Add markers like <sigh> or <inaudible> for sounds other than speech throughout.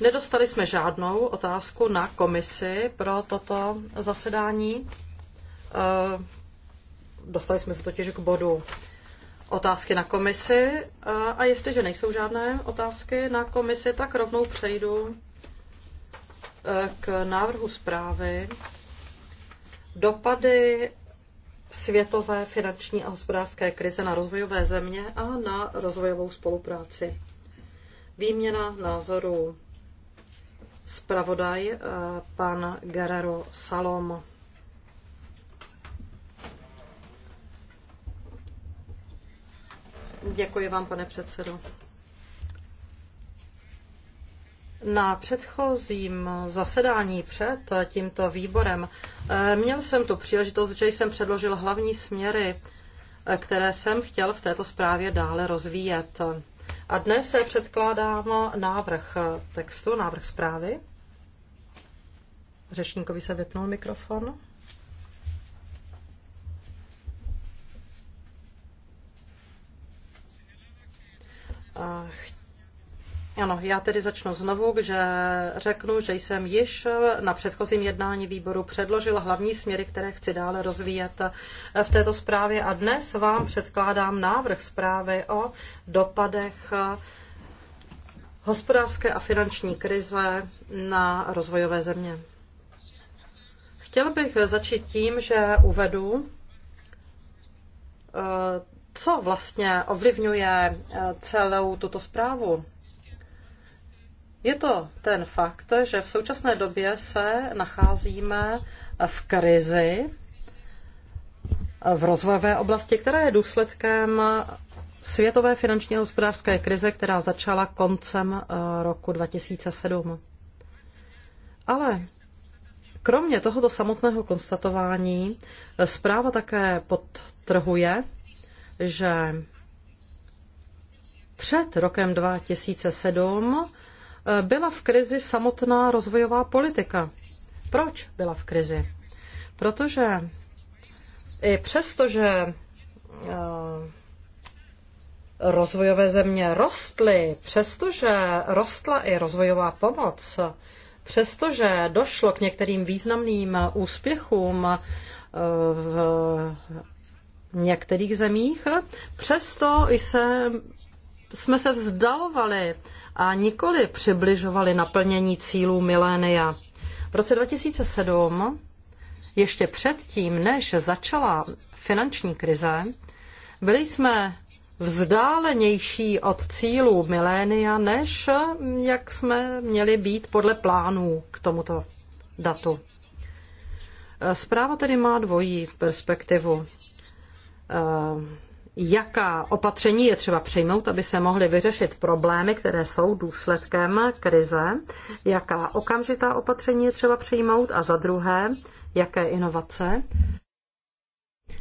Nedostali jsme žádnou otázku na komisi pro toto zasedání. Eh, dostali jsme se totiž k bodu otázky na komisi eh, a jestliže nejsou žádné otázky na komisi, tak rovnou přejdu eh, k návrhu zprávy dopady světové finanční a hospodářské krize na rozvojové země a na rozvojovou spolupráci. Výměna názorů Spravodaj eh, pan Guerrero Salom. Děkuji vám, pane předsedo. Na předchozím zasedání před tímto výborem eh, měl jsem tu příležitost, že jsem předložil hlavní směry, eh, které jsem chtěl v této zprávě dále rozvíjet. A dnes se předkládám návrh textu, návrh zprávy. Řečníkovi se vypnul mikrofon. Ano, já tedy začnu znovu, že řeknu, že jsem již na předchozím jednání výboru předložila hlavní směry, které chci dále rozvíjet v této zprávě a dnes vám předkládám návrh zprávy o dopadech hospodářské a finanční krize na rozvojové země. Chtěl bych začít tím, že uvedu, eh, co vlastně ovlivňuje eh, celou tuto zprávu je to ten fakt, že v současné době se nacházíme v krizi v rozvojové oblasti, která je důsledkem světové finanční a hospodářské krize, která začala koncem eh, roku 2007. Ale kromě tohoto samotného konstatování eh, zpráva také podtrhuje, že před rokem 2007 byla v krizi samotná rozvojová politika. Proč byla v krizi? Protože i přesto, že eh, rozvojové země rostly, přestože rostla i rozvojová pomoc, přestože došlo k některým významným úspěchům eh, v některých zemích, přesto se, jsme se vzdalovali a nikoli přibližovali naplnění cílů milénia. V roce 2007, ještě předtím, než začala finanční krize, byli jsme vzdálenější od cílů milénia, než jak jsme měli být podle plánů k tomuto datu. Zpráva tedy má dvojí perspektivu jaká opatření je třeba přijmout, aby se mohly vyřešit problémy, které jsou důsledkem krize, jaká okamžitá opatření je třeba přijmout a za druhé, jaké inovace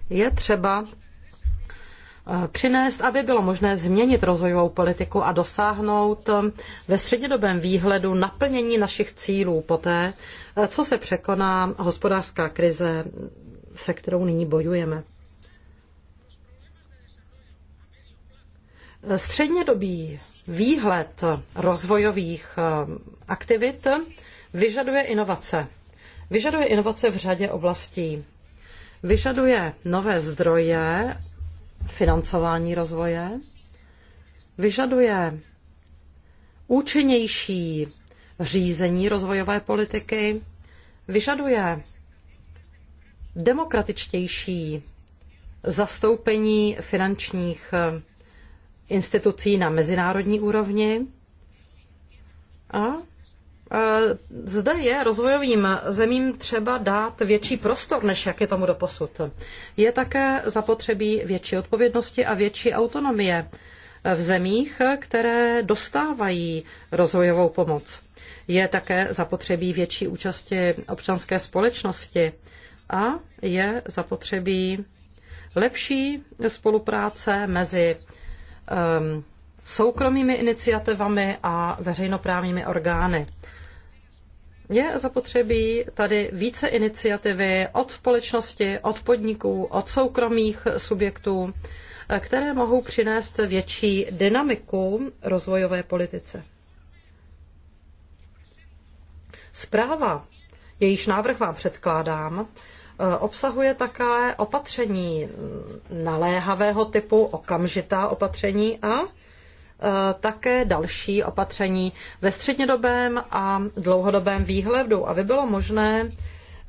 je třeba eh, přinést, aby bylo možné změnit rozvojovou politiku a dosáhnout eh, ve střednědobém výhledu naplnění našich cílů poté, eh, co se překoná hospodářská krize, se kterou nyní bojujeme. Střednědobý výhled rozvojových eh, aktivit vyžaduje inovace. Vyžaduje inovace v řadě oblastí. Vyžaduje nové zdroje financování rozvoje, vyžaduje účinnější řízení rozvojové politiky, vyžaduje demokratičtější zastoupení finančních institucí na mezinárodní úrovni. A zde je rozvojovým zemím třeba dát větší prostor, než jak je tomu doposud. Je také zapotřebí větší odpovědnosti a větší autonomie v zemích, které dostávají rozvojovou pomoc. Je také zapotřebí větší účasti občanské společnosti a je zapotřebí lepší spolupráce mezi Um, soukromými iniciativami a veřejnoprávními orgány. Je zapotřebí tady více iniciativy od společnosti, od podniků, od soukromých subjektů, které mohou přinést větší dynamiku rozvojové politice. Zpráva, jejíž návrh vám předkládám, E, obsahuje také opatření naléhavého typu, okamžitá opatření a e, také další opatření ve střednědobém a dlouhodobém výhledu, aby bylo možné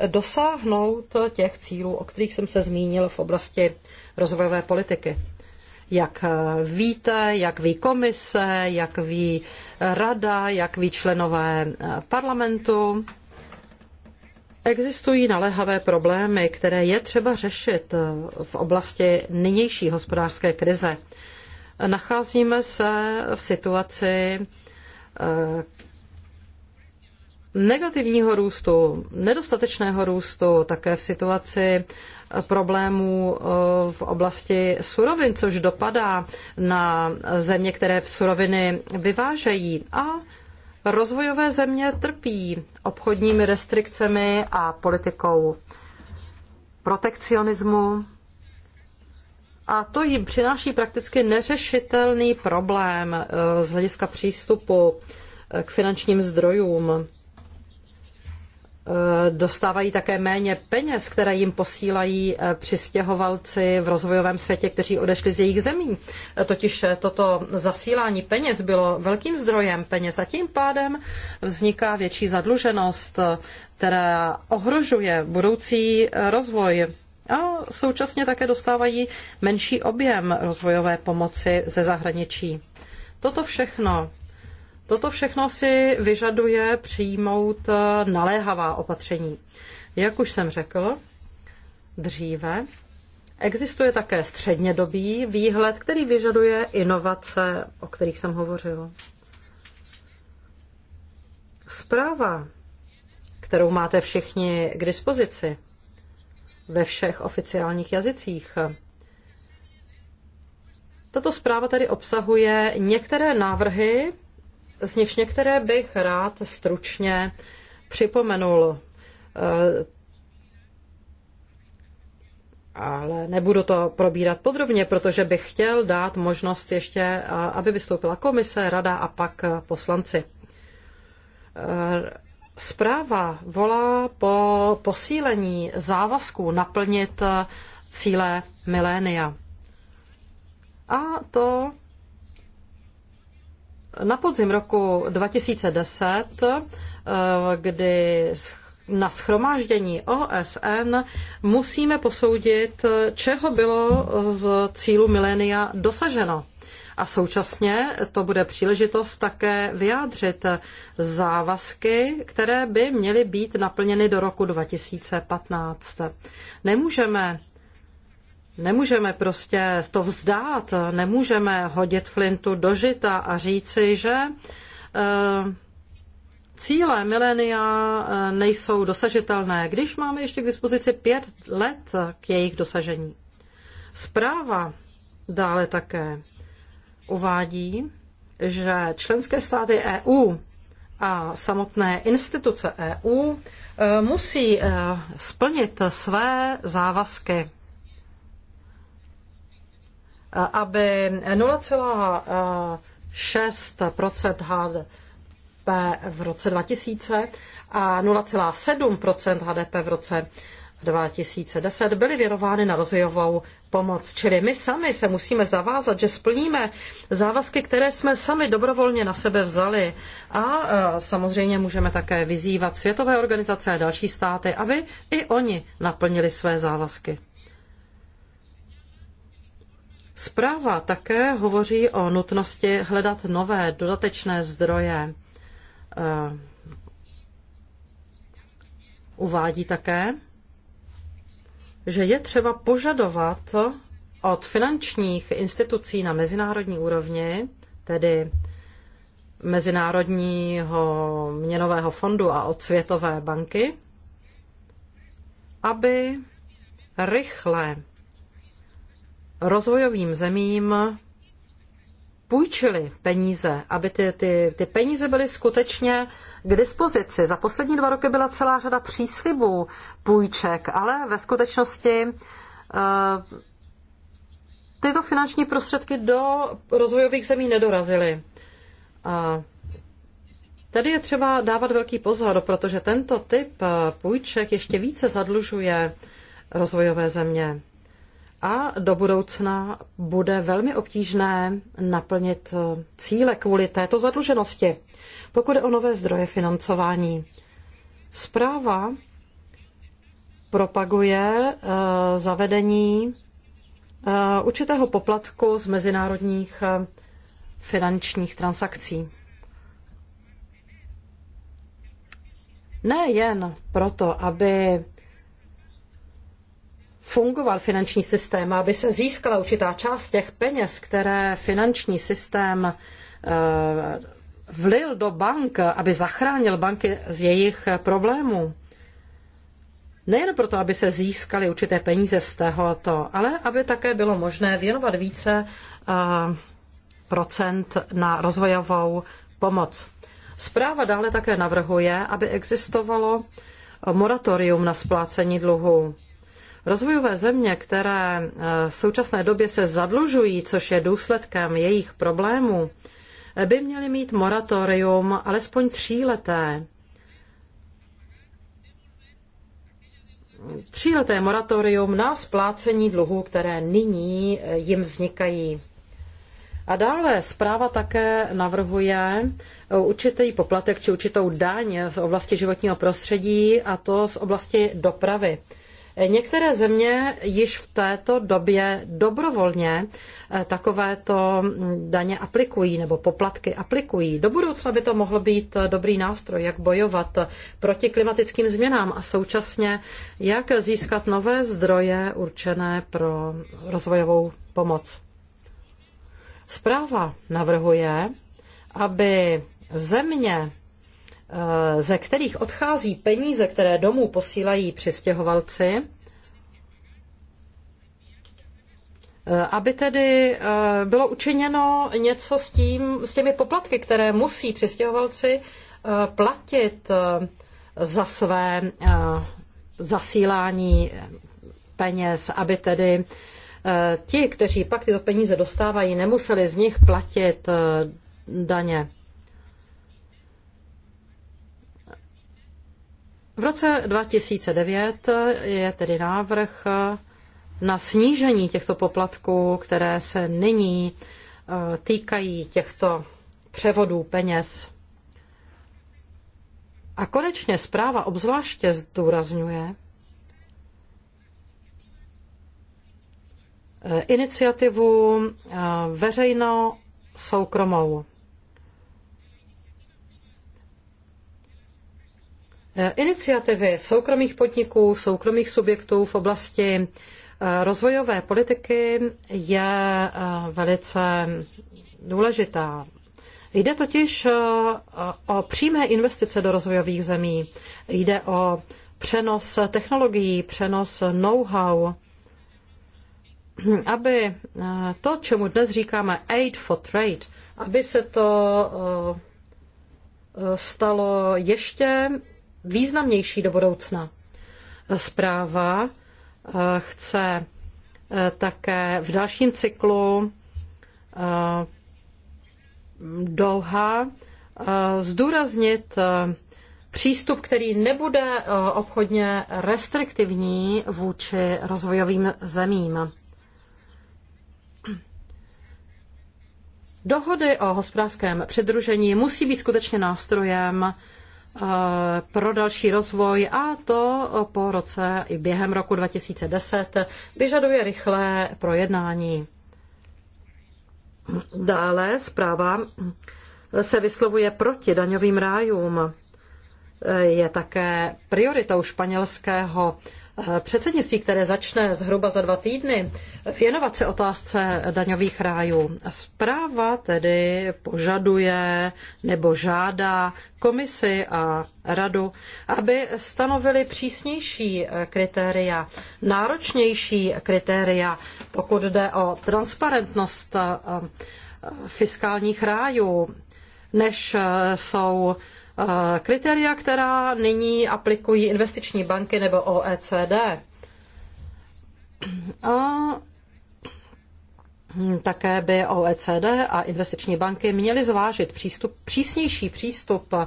dosáhnout těch cílů, o kterých jsem se zmínil v oblasti rozvojové politiky. Jak e, víte, jak ví komise, jak ví rada, jak ví členové parlamentu, Existují naléhavé problémy, které je třeba řešit eh, v oblasti nynější hospodářské krize. Nacházíme se v situaci eh, negativního růstu, nedostatečného růstu, také v situaci eh, problémů v oblasti surovin, což dopadá na země, které suroviny vyvážejí a Rozvojové země trpí obchodními restrikcemi a politikou protekcionismu a to jim přináší prakticky neřešitelný problém eh, z hlediska přístupu eh, k finančním zdrojům. Eh, dostávají také méně peněz, které jim posílají eh, přistěhovalci v rozvojovém světě, kteří odešli z jejich zemí. Eh, totiž toto zasílání peněz bylo velkým zdrojem peněz a tím pádem vzniká větší zadluženost, která ohrožuje budoucí rozvoj a současně také dostávají menší objem rozvojové pomoci ze zahraničí. Toto všechno Toto všechno si vyžaduje přijmout eh, naléhavá opatření. Jak už jsem řekl dříve, existuje také střednědobý výhled, který vyžaduje inovace, o kterých jsem hovořil. Zpráva, kterou máte všichni k dispozici ve všech oficiálních jazycích, tato zpráva tedy obsahuje některé návrhy z nichž některé bych rád stručně připomenul. Eh, ale nebudu to probírat podrobně, protože bych chtěl dát možnost ještě, aby vystoupila komise, rada a pak poslanci. Eh, zpráva volá po posílení závazků naplnit cíle milénia. A to na podzim roku 2010, eh, kdy na schromáždění OSN musíme posoudit, čeho bylo z cílu milénia dosaženo. A současně to bude příležitost také vyjádřit závazky, které by měly být naplněny do roku 2015. Nemůžeme Nemůžeme prostě to vzdát, nemůžeme hodit flintu do žita a říci, že eh, cíle milénia eh, nejsou dosažitelné, když máme ještě k dispozici pět let k jejich dosažení. Zpráva dále také uvádí, že členské státy EU a samotné instituce EU eh, musí splnit své závazky aby 0,6 HDP v roce 2000 a 0,7 HDP v roce 2010 byly věnovány na rozvojovou pomoc. Čili my sami se musíme zavázat, že splníme závazky, které jsme sami dobrovolně na sebe vzali. A e, samozřejmě můžeme také vyzývat světové organizace a další státy, aby i oni naplnili své závazky. Zpráva také hovoří o nutnosti hledat nové dodatečné zdroje. Eh, uvádí také, že je třeba požadovat od finančních institucí na mezinárodní úrovni, tedy Mezinárodního měnového fondu a od Světové banky, aby rychle rozvojovým zemím půjčili peníze, aby ty, ty, ty peníze byly skutečně k dispozici. Za poslední dva roky byla celá řada příslibů půjček, ale ve skutečnosti eh, tyto finanční prostředky do rozvojových zemí nedorazily. Uh, tady je třeba dávat velký pozor, protože tento typ eh, půjček ještě více zadlužuje rozvojové země a do budoucna bude velmi obtížné naplnit eh, cíle kvůli této zadluženosti. Pokud je o nové zdroje financování, zpráva propaguje eh, zavedení eh, určitého poplatku z mezinárodních finančních transakcí. Ne jen proto, aby fungoval finanční systém, aby se získala určitá část těch peněz, které finanční systém eh, vlil do bank, aby zachránil banky z jejich problémů. Nejen proto, aby se získaly určité peníze z tohoto, ale aby také bylo možné věnovat více eh, procent na rozvojovou pomoc. Zpráva dále také navrhuje, aby existovalo moratorium na splácení dluhu Rozvojové země, které eh, v současné době se zadlužují, což je důsledkem jejich problémů, eh, by měly mít moratorium alespoň tříleté. Tříleté moratorium na splácení dluhů, které nyní eh, jim vznikají. A dále zpráva také navrhuje určitý poplatek či určitou daň z oblasti životního prostředí a to z oblasti dopravy. Některé země již v této době dobrovolně eh, takovéto mm, daně aplikují nebo poplatky aplikují. Do budoucna by to mohl být eh, dobrý nástroj, jak bojovat eh, proti klimatickým změnám a současně jak získat nové zdroje určené pro rozvojovou pomoc. Zpráva navrhuje, aby země Eh, ze kterých odchází peníze, které domů posílají přistěhovalci, eh, aby tedy eh, bylo učiněno něco s, tím, s těmi poplatky, které musí přistěhovalci platit za své zasílání peněz, aby tedy ti, kteří pak tyto peníze dostávají, nemuseli z nich platit daně. V roce 2009 je tedy návrh na snížení těchto poplatků, které se nyní eh, týkají těchto převodů peněz. A konečně zpráva obzvláště zdůrazňuje eh, iniciativu eh, veřejno-soukromou. Eh, iniciativy soukromých podniků, soukromých subjektů v oblasti eh, rozvojové politiky je eh, velice důležitá. Jde totiž o přímé investice do rozvojových zemí. Jde o přenos technologií, přenos know-how, hm, aby to, čemu dnes říkáme aid for trade, aby se to stalo ještě významnější do budoucna. Zpráva eh, chce eh, také v dalším cyklu eh, dlouhá zdůraznit přístup, který nebude obchodně restriktivní vůči rozvojovým zemím. Dohody o hospodářském předružení musí být skutečně nástrojem Eh, pro další rozvoj a to po roce i během roku 2010 vyžaduje rychlé projednání. Dále zpráva se vyslovuje proti daňovým rájům je také prioritou španělského eh, předsednictví, které začne zhruba za dva týdny, věnovat se otázce daňových rájů. Zpráva tedy požaduje nebo žádá komisi a radu, aby stanovili přísnější eh, kritéria, náročnější kritéria, pokud jde o transparentnost eh, fiskálních rájů, než jsou Eh, kritéria, která nyní aplikují investiční banky nebo OECD. A také by OECD a investiční banky měly zvážit přístup, přísnější přístup eh,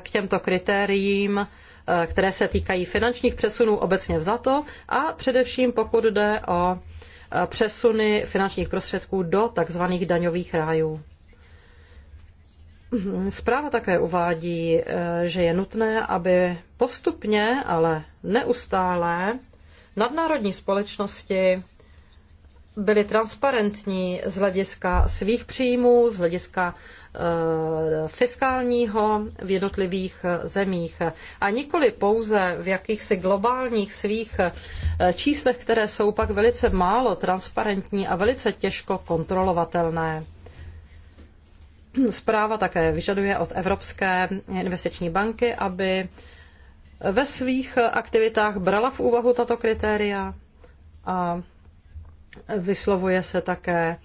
k těmto kritériím, eh, které se týkají finančních přesunů obecně vzato a především pokud jde o přesuny finančních prostředků do takzvaných daňových rájů. Mhm, zpráva také uvádí, eh, že je nutné, aby postupně, ale neustále nadnárodní společnosti byly transparentní z hlediska svých příjmů, z hlediska eh, fiskálního v jednotlivých eh, zemích. A nikoli pouze v jakýchsi globálních svých číslech, které jsou pak velice málo transparentní a velice těžko kontrolovatelné. Zpráva také vyžaduje od Evropské investiční banky, aby ve svých aktivitách brala v úvahu tato kritéria a vyslovuje se také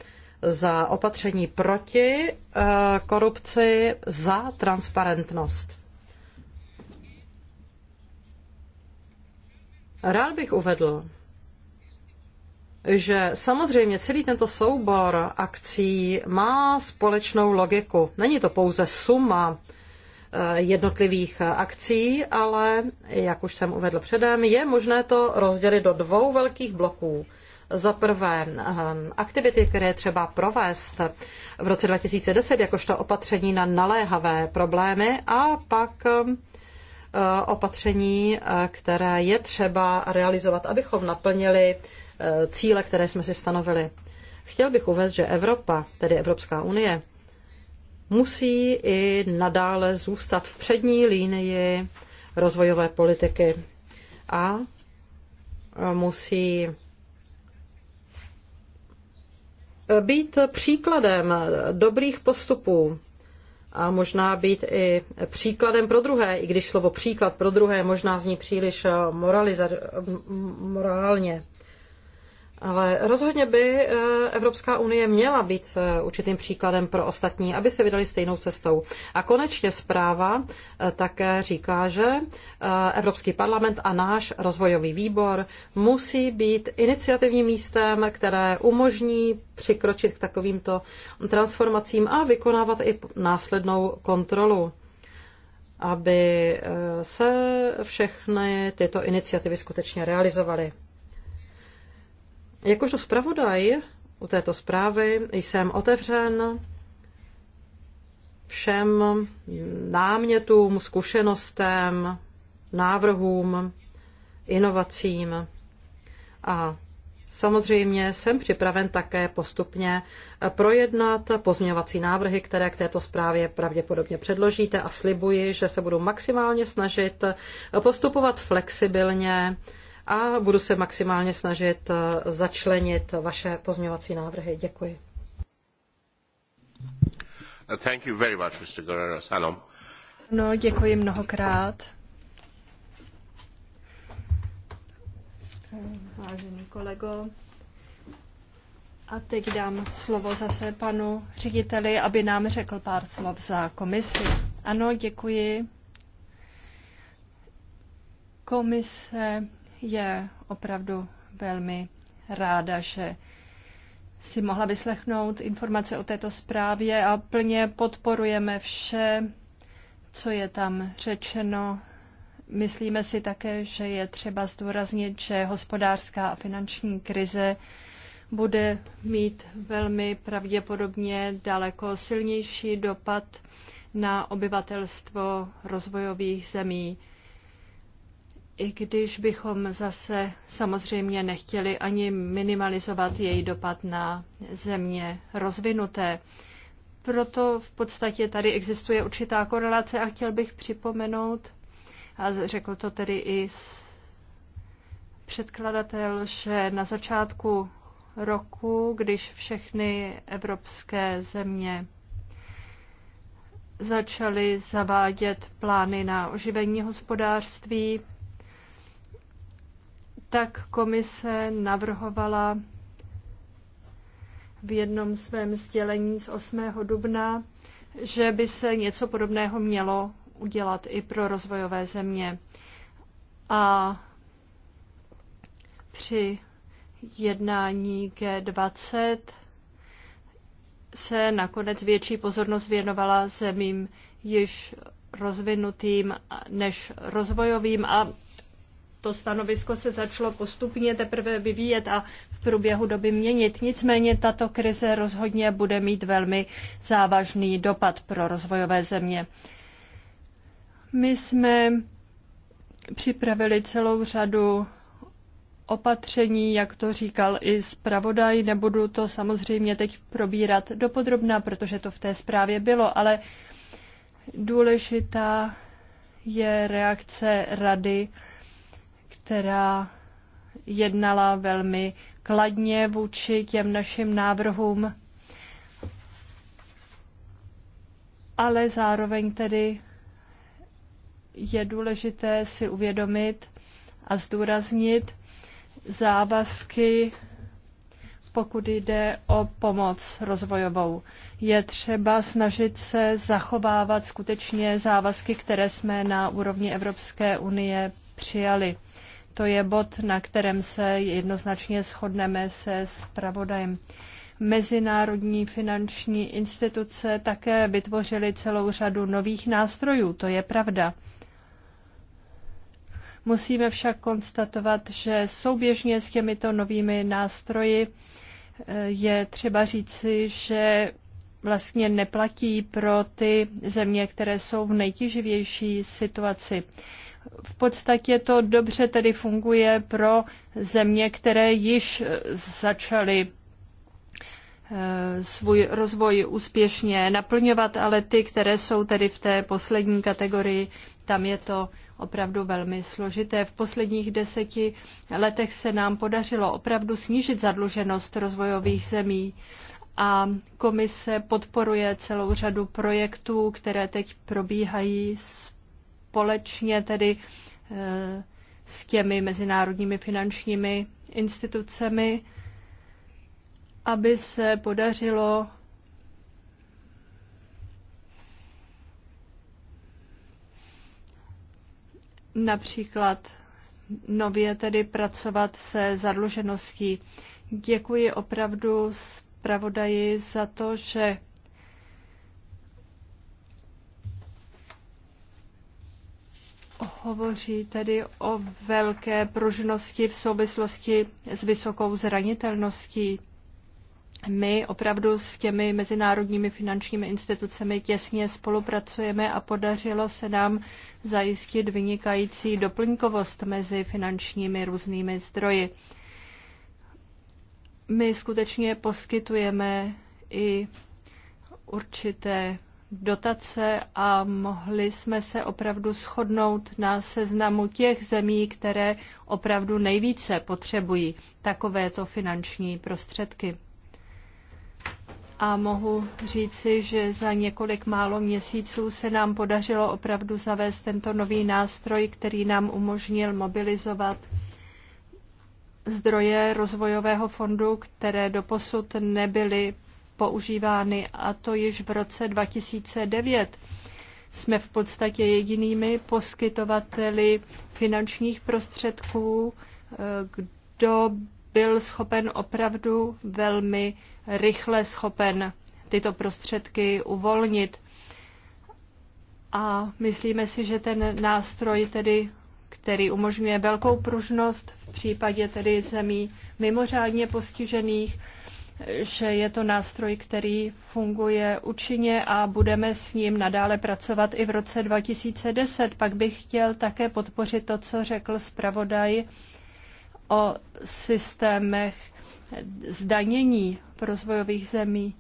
za opatření proti eh, korupci, za transparentnost. Rád bych uvedl, že samozřejmě celý tento soubor akcí má společnou logiku. Není to pouze suma eh, jednotlivých akcí, ale, jak už jsem uvedl předem, je možné to rozdělit do dvou velkých bloků. Za prvé, eh, aktivity, které je třeba provést v roce 2010, jakožto opatření na naléhavé problémy, a pak eh, opatření, které je třeba realizovat, abychom naplnili Eh, cíle, které jsme si stanovili. Chtěl bych uvést, že Evropa, tedy Evropská unie, musí i nadále zůstat v přední línii rozvojové politiky a eh, musí eh, být příkladem dobrých postupů a možná být i příkladem pro druhé, i když slovo příklad pro druhé možná zní příliš moraliza- morálně. Ale rozhodně by eh, Evropská unie měla být eh, určitým příkladem pro ostatní, aby se vydali stejnou cestou. A konečně zpráva eh, také říká, že Evropský parlament a náš rozvojový výbor musí být iniciativním místem, které umožní přikročit k takovýmto transformacím a vykonávat i následnou kontrolu aby se všechny tyto iniciativy skutečně realizovaly. Jakožto zpravodaj u této zprávy jsem otevřen všem námětům, zkušenostem, návrhům, inovacím. A samozřejmě jsem připraven také postupně projednat pozměňovací návrhy, které k této zprávě pravděpodobně předložíte a slibuji, že se budu maximálně snažit postupovat flexibilně a budu se maximálně snažit eh, začlenit vaše pozměňovací návrhy. Děkuji. Uh, thank you very much, Mr. Guerrero Salom. No, děkuji mnohokrát. Vážený kolego, a teď dám slovo zase panu řediteli, aby nám řekl pár slov za komisi. Ano, děkuji. Komise je opravdu velmi ráda, že si mohla vyslechnout informace o této zprávě a plně podporujeme vše, co je tam řečeno. Myslíme si také, že je třeba zdůraznit, že hospodářská a finanční krize bude mít velmi pravděpodobně daleko silnější dopad na obyvatelstvo rozvojových zemí i když bychom zase samozřejmě nechtěli ani minimalizovat její dopad na země rozvinuté. Proto v podstatě tady existuje určitá korelace a chtěl bych připomenout, a řekl to tedy i předkladatel, že na začátku roku, když všechny evropské země začaly zavádět plány na oživení hospodářství, tak komise navrhovala v jednom svém sdělení z 8. dubna, že by se něco podobného mělo udělat i pro rozvojové země. A při jednání G20 se nakonec větší pozornost věnovala zemím již rozvinutým než rozvojovým a to stanovisko se začalo postupně teprve vyvíjet a v průběhu doby měnit. Nicméně tato krize rozhodně bude mít velmi závažný dopad pro rozvojové země. My jsme připravili celou řadu opatření, jak to říkal i zpravodaj. Nebudu to samozřejmě teď probírat dopodrobná, protože to v té zprávě bylo, ale důležitá je reakce rady která jednala velmi kladně vůči těm našim návrhům, ale zároveň tedy je důležité si uvědomit a zdůraznit závazky, pokud jde o pomoc rozvojovou. Je třeba snažit se zachovávat skutečně závazky, které jsme na úrovni Evropské unie přijali. To je bod, na kterém se jednoznačně shodneme se zpravodajem. Mezinárodní finanční instituce také vytvořily celou řadu nových nástrojů, to je pravda. Musíme však konstatovat, že souběžně s těmito novými nástroji eh, je třeba říci, že vlastně neplatí pro ty země, které jsou v nejtěživější situaci v podstatě to dobře tedy funguje pro země, které již eh, začaly eh, svůj rozvoj úspěšně naplňovat, ale ty, které jsou tedy v té poslední kategorii, tam je to opravdu velmi složité. V posledních deseti letech se nám podařilo opravdu snížit zadluženost rozvojových zemí a komise podporuje celou řadu projektů, které teď probíhají s společně tedy eh, s těmi mezinárodními finančními institucemi, aby se podařilo například nově tedy pracovat se zadlužeností. Děkuji opravdu zpravodaji za to, že hovoří tedy o velké pružnosti v souvislosti s vysokou zranitelností. My opravdu s těmi mezinárodními finančními institucemi těsně spolupracujeme a podařilo se nám zajistit vynikající doplňkovost mezi finančními různými zdroji. My skutečně poskytujeme i určité dotace a mohli jsme se opravdu shodnout na seznamu těch zemí, které opravdu nejvíce potřebují takovéto finanční prostředky. A mohu říci, že za několik málo měsíců se nám podařilo opravdu zavést tento nový nástroj, který nám umožnil mobilizovat zdroje rozvojového fondu, které doposud nebyly používány a to již v roce 2009. Jsme v podstatě jedinými poskytovateli finančních prostředků, kdo byl schopen opravdu velmi rychle schopen tyto prostředky uvolnit. A myslíme si, že ten nástroj tedy, který umožňuje velkou pružnost v případě tedy zemí mimořádně postižených, že je to nástroj, který funguje účinně a budeme s ním nadále pracovat i v roce 2010. Pak bych chtěl také podpořit to, co řekl zpravodaj o systémech zdanění v rozvojových zemí.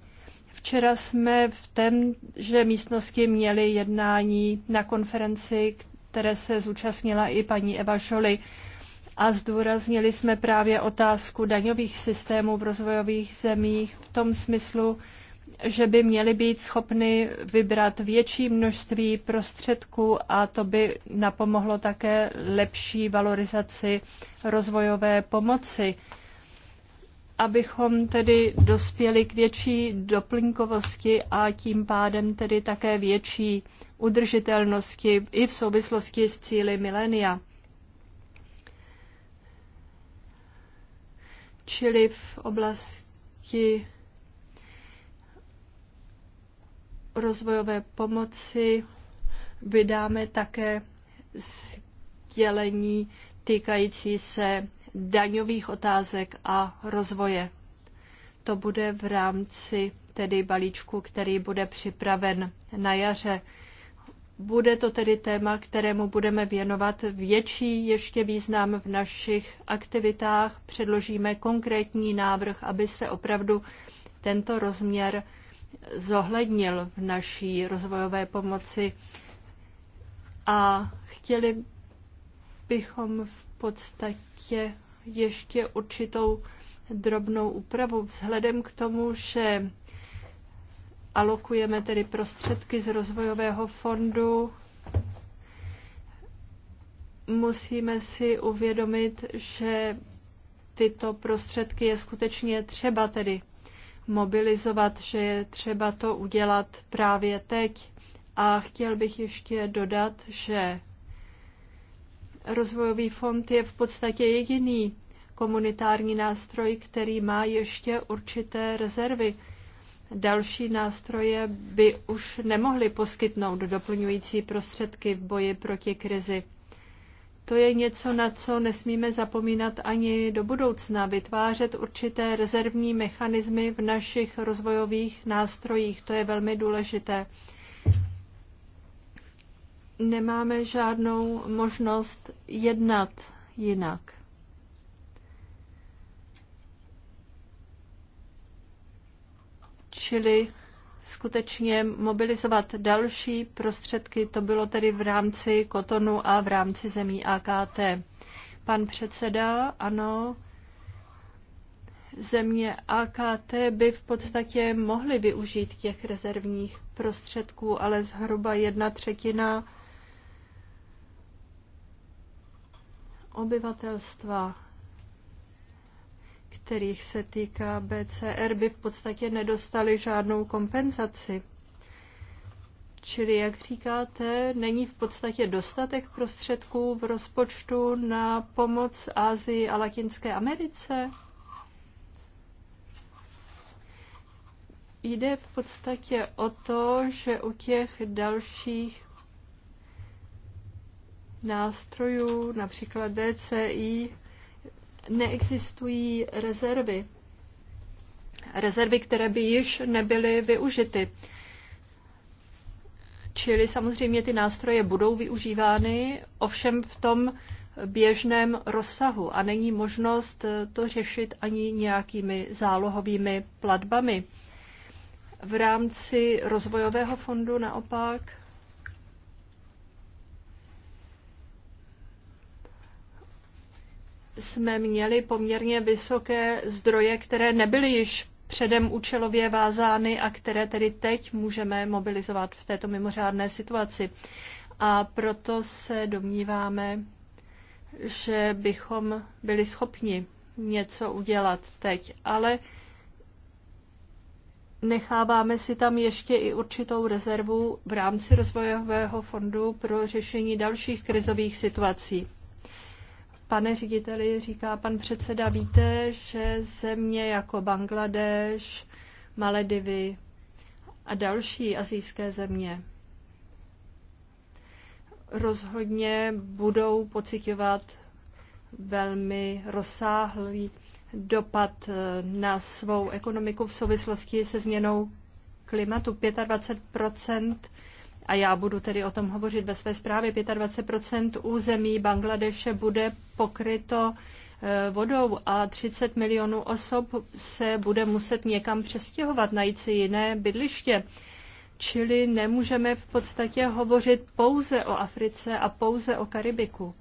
Včera jsme v témže místnosti měli jednání na konferenci, které se zúčastnila i paní Eva Šoli a zdůraznili jsme právě otázku daňových systémů v rozvojových zemích v tom smyslu, že by měly být schopny vybrat větší množství prostředků a to by napomohlo také lepší valorizaci rozvojové pomoci. Abychom tedy dospěli k větší doplňkovosti a tím pádem tedy také větší udržitelnosti i v souvislosti s cíly milénia. čili v oblasti rozvojové pomoci vydáme také sdělení týkající se daňových otázek a rozvoje. To bude v rámci tedy balíčku, který bude připraven na jaře. Bude to tedy téma, kterému budeme věnovat větší ještě význam v našich aktivitách. Předložíme konkrétní návrh, aby se opravdu tento rozměr zohlednil v naší rozvojové pomoci. A chtěli bychom v podstatě ještě určitou drobnou úpravu vzhledem k tomu, že Alokujeme tedy prostředky z rozvojového fondu. Musíme si uvědomit, že tyto prostředky je skutečně třeba tedy mobilizovat, že je třeba to udělat právě teď. A chtěl bych ještě dodat, že rozvojový fond je v podstatě jediný komunitární nástroj, který má ještě určité rezervy další nástroje by už nemohly poskytnout doplňující prostředky v boji proti krizi. To je něco, na co nesmíme zapomínat ani do budoucna, vytvářet určité rezervní mechanismy v našich rozvojových nástrojích. To je velmi důležité. Nemáme žádnou možnost jednat jinak. čili skutečně mobilizovat další prostředky. To bylo tedy v rámci Kotonu a v rámci zemí AKT. Pan předseda, ano, země AKT by v podstatě mohly využít těch rezervních prostředků, ale zhruba jedna třetina obyvatelstva kterých se týká BCR, by v podstatě nedostali žádnou kompenzaci. Čili, jak říkáte, není v podstatě dostatek prostředků v rozpočtu na pomoc Ázii a Latinské Americe? Jde v podstatě o to, že u těch dalších nástrojů, například DCI, neexistují rezervy. Rezervy, které by již nebyly využity. Čili samozřejmě ty nástroje budou využívány, ovšem v tom běžném rozsahu a není možnost to řešit ani nějakými zálohovými platbami. V rámci rozvojového fondu naopak jsme měli poměrně vysoké zdroje, které nebyly již předem účelově vázány a které tedy teď můžeme mobilizovat v této mimořádné situaci. A proto se domníváme, že bychom byli schopni něco udělat teď, ale necháváme si tam ještě i určitou rezervu v rámci rozvojového fondu pro řešení dalších krizových situací. Pane řediteli, říká pan předseda, víte, že země jako Bangladeš, Maledivy a další azijské země rozhodně budou pocitovat velmi rozsáhlý dopad eh, na svou ekonomiku v souvislosti se změnou klimatu. 25 a já budu tedy o tom hovořit ve své zprávě, 25 území Bangladeše bude pokryto e, vodou a 30 milionů osob se bude muset někam přestěhovat, najít si jiné bydliště. Čili nemůžeme v podstatě hovořit pouze o Africe a pouze o Karibiku.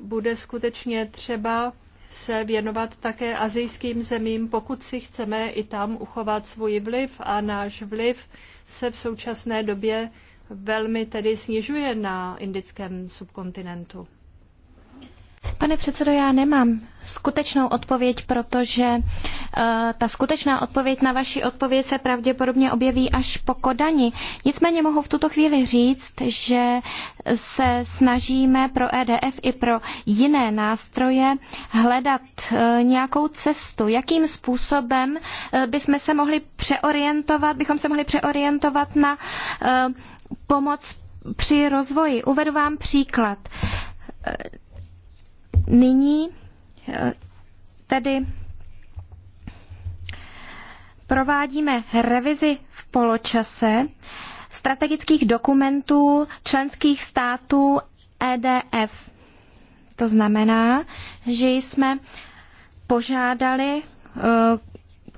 Bude skutečně třeba se věnovat také azijským zemím, pokud si chceme i tam uchovat svůj vliv a náš vliv se v současné době velmi tedy snižuje na indickém subkontinentu. Pane předsedo, já nemám skutečnou odpověď, protože uh, ta skutečná odpověď na vaši odpověď se pravděpodobně objeví až po Kodani. Nicméně mohu v tuto chvíli říct, že se snažíme pro EDF i pro jiné nástroje hledat uh, nějakou cestu, jakým způsobem uh, bychom se mohli přeorientovat, bychom se mohli přeorientovat na uh, pomoc při rozvoji. Uvedu vám příklad Nyní eh, tedy provádíme revizi v poločase strategických dokumentů členských států EDF. To znamená, že jsme požádali eh,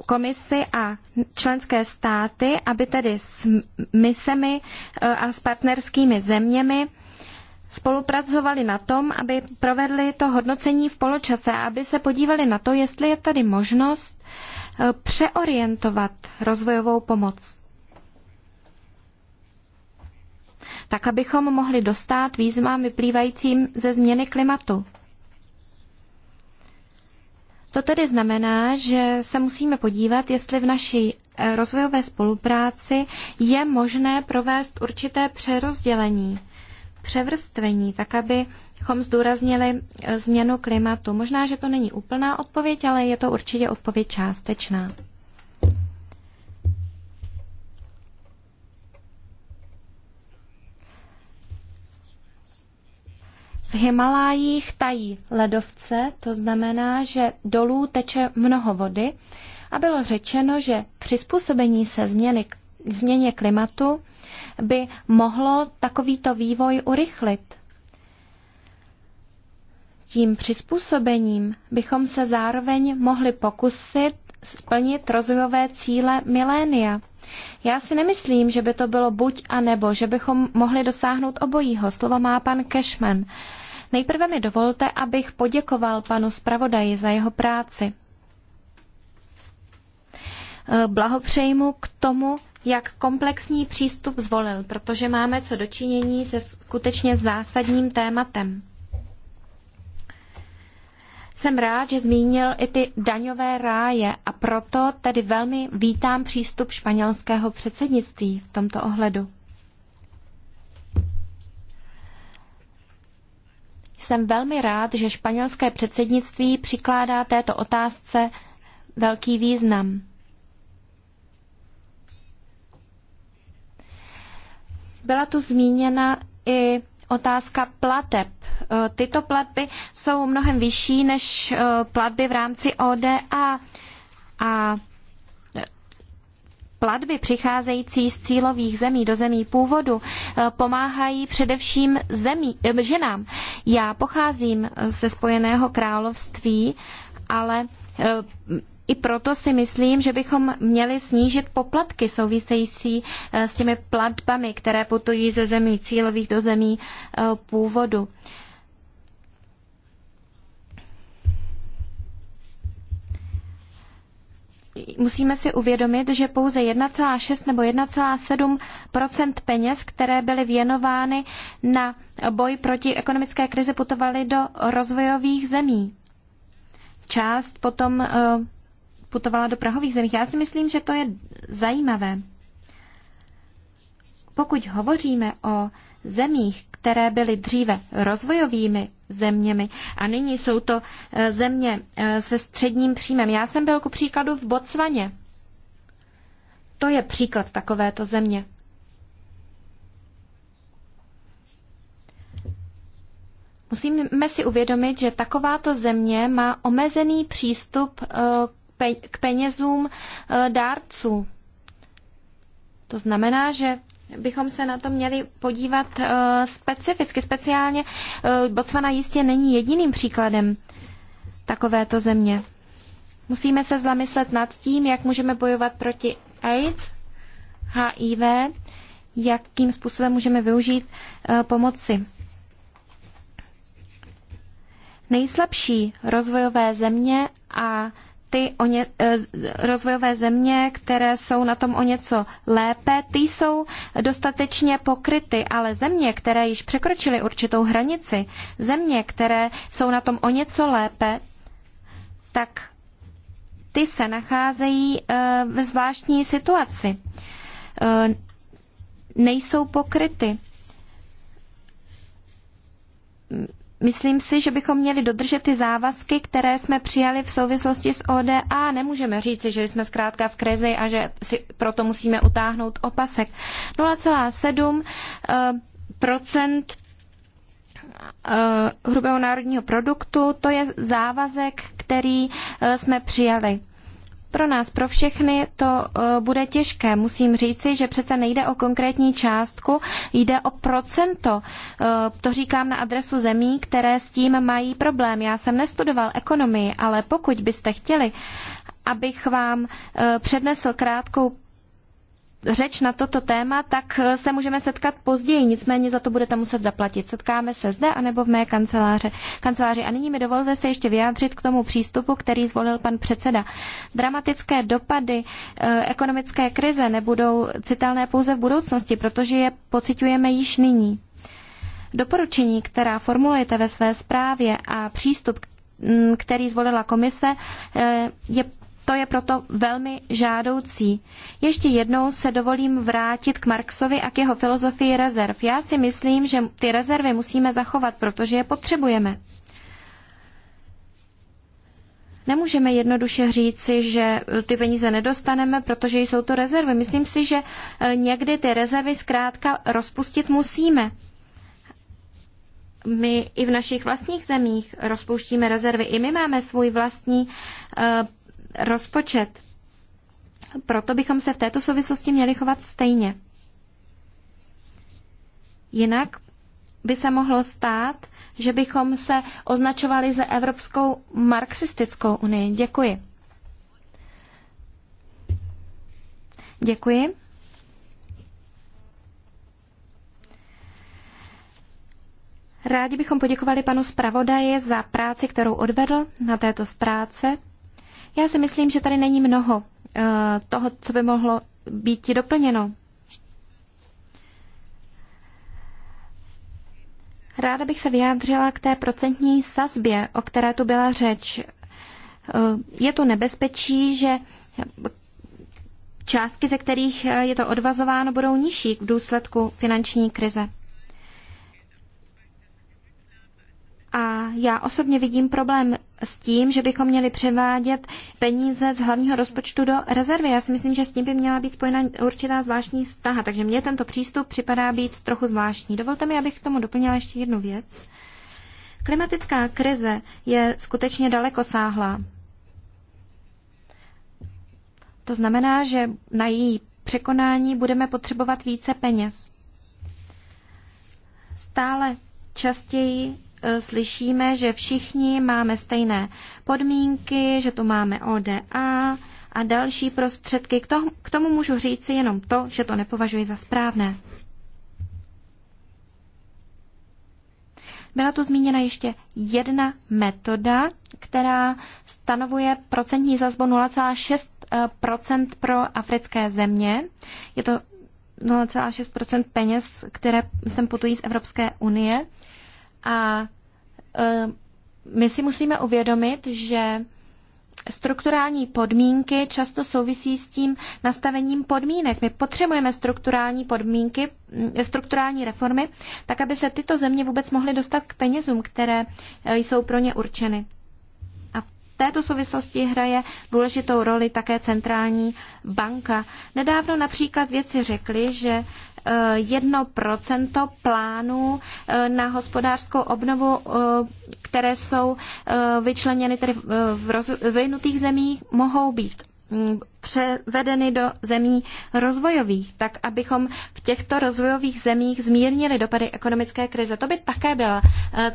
komisi a členské státy, aby tedy s misemi eh, a s partnerskými zeměmi spolupracovali na tom, aby provedli to hodnocení v poločase a aby se podívali na to, jestli je tady možnost eh, přeorientovat rozvojovou pomoc. Tak, abychom mohli dostat výzvám vyplývajícím ze změny klimatu. To tedy znamená, že se musíme podívat, jestli v naší eh, rozvojové spolupráci je možné provést určité přerozdělení převrstvení, tak abychom zdůraznili eh, změnu klimatu. Možná, že to není úplná odpověď, ale je to určitě odpověď částečná. V Himalájích tají ledovce, to znamená, že dolů teče mnoho vody a bylo řečeno, že přizpůsobení se změny, změně klimatu by mohlo takovýto vývoj urychlit. Tím přizpůsobením bychom se zároveň mohli pokusit splnit rozvojové cíle milénia. Já si nemyslím, že by to bylo buď a nebo, že bychom mohli dosáhnout obojího. Slovo má pan Cashman. Nejprve mi dovolte, abych poděkoval panu zpravodaji za jeho práci. Blahopřejmu mu k tomu, jak komplexní přístup zvolil, protože máme co dočinění se skutečně zásadním tématem. Jsem rád, že zmínil i ty daňové ráje a proto tedy velmi vítám přístup španělského předsednictví v tomto ohledu. Jsem velmi rád, že španělské předsednictví přikládá této otázce velký význam. Byla tu zmíněna i otázka plateb. E, tyto platby jsou mnohem vyšší než e, platby v rámci ODA a e, platby přicházející z cílových zemí do zemí původu pomáhají především zemí, ženám. Já pocházím ze Spojeného království, ale i proto si myslím, že bychom měli snížit poplatky související eh, s těmi platbami, které putují ze zemí cílových do zemí eh, původu. musíme si uvědomit, že pouze 1,6 nebo 1,7 peněz, které byly věnovány na boj proti ekonomické krizi, putovaly do rozvojových zemí. Část potom eh, putovala do prahových zemích. Já si myslím, že to je zajímavé. Pokud hovoříme o zemích, které byly dříve rozvojovými zeměmi a nyní jsou to eh, země eh, se středním příjmem. Já jsem byl ku příkladu v Botswaně. To je příklad takovéto země. Musíme si uvědomit, že takováto země má omezený přístup eh, k penězům eh, dárců. To znamená, že bychom se na to měli podívat eh, specificky, speciálně eh, Botswana jistě není jediným příkladem takovéto země. Musíme se zamyslet nad tím, jak můžeme bojovat proti AIDS, HIV, jakým způsobem můžeme využít pomoci. Nejslabší rozvojové země a ty o ně, e, rozvojové země, které jsou na tom o něco lépe, ty jsou dostatečně pokryty, ale země, které již překročily určitou hranici, země, které jsou na tom o něco lépe, tak ty se nacházejí e, ve zvláštní situaci. E, nejsou pokryty Myslím si, že bychom měli dodržet ty závazky, které jsme přijali v souvislosti s ODA. Nemůžeme říci, že jsme zkrátka v krizi a že si proto musíme utáhnout opasek. 0,7 eh, procent eh, hrubého národního produktu, to je závazek, který eh, jsme přijali. Pro nás, pro všechny to e, bude těžké. Musím říci, že přece nejde o konkrétní částku, jde o procento. E, to říkám na adresu zemí, které s tím mají problém. Já jsem nestudoval ekonomii, ale pokud byste chtěli, abych vám e, přednesl krátkou řeč na toto téma, tak eh, se můžeme setkat později, nicméně za to budete muset zaplatit. Setkáme se zde anebo v mé kanceláře. kanceláři. A nyní mi dovolte se ještě vyjádřit k tomu přístupu, který zvolil pan předseda. Dramatické dopady e, ekonomické krize nebudou citelné pouze v budoucnosti, protože je pocitujeme již nyní. Doporučení, která formulujete ve své zprávě a přístup, mm, který zvolila komise, eh, je to je proto velmi žádoucí. Ještě jednou se dovolím vrátit k Marxovi a k jeho filozofii rezerv. Já si myslím, že ty rezervy musíme zachovat, protože je potřebujeme. Nemůžeme jednoduše říci, že eh, ty peníze nedostaneme, protože jsou to rezervy. Myslím si, že eh, někdy ty rezervy zkrátka rozpustit musíme. My i v našich vlastních zemích rozpouštíme rezervy. I my máme svůj vlastní eh, rozpočet. Proto bychom se v této souvislosti měli chovat stejně. Jinak by se mohlo stát, že bychom se označovali za Evropskou marxistickou unii. Děkuji. Děkuji. Rádi bychom poděkovali panu zpravodaji za práci, kterou odvedl na této zpráce. Já si myslím, že tady není mnoho eh, toho, co by mohlo být doplněno. Ráda bych se vyjádřila k té procentní sazbě, o které tu byla řeč. Eh, je to nebezpečí, že částky, ze kterých eh, je to odvazováno, budou nižší v důsledku finanční krize. A já osobně vidím problém s tím, že bychom měli převádět peníze z hlavního rozpočtu do rezervy. Já si myslím, že s tím by měla být spojena určitá zvláštní staha, takže mně tento přístup připadá být trochu zvláštní. Dovolte mi, abych k tomu doplnila ještě jednu věc. Klimatická krize je skutečně daleko sáhlá. To znamená, že na její překonání budeme potřebovat více peněz. Stále častěji Eh, slyšíme, že všichni máme stejné podmínky, že tu máme ODA a další prostředky. K tomu, k tomu můžu říci jenom to, že to nepovažuji za správné. Byla tu zmíněna ještě jedna metoda, která stanovuje procentní sazbu 0,6 pro africké země. Je to 0,6 peněz, které sem putují z Evropské unie. A e, my si musíme uvědomit, že strukturální podmínky často souvisí s tím nastavením podmínek. My potřebujeme strukturální podmínky, strukturální reformy, tak aby se tyto země vůbec mohly dostat k penězům, které e, jsou pro ně určeny. A v této souvislosti hraje důležitou roli také centrální banka. Nedávno například věci řekli, že Jedno procento plánů eh, na hospodářskou obnovu, eh, které jsou eh, vyčleněny tedy v rozvinutých zemích, mohou být mm, převedeny do zemí rozvojových, tak abychom v těchto rozvojových zemích zmírnili dopady ekonomické krize. To by také byla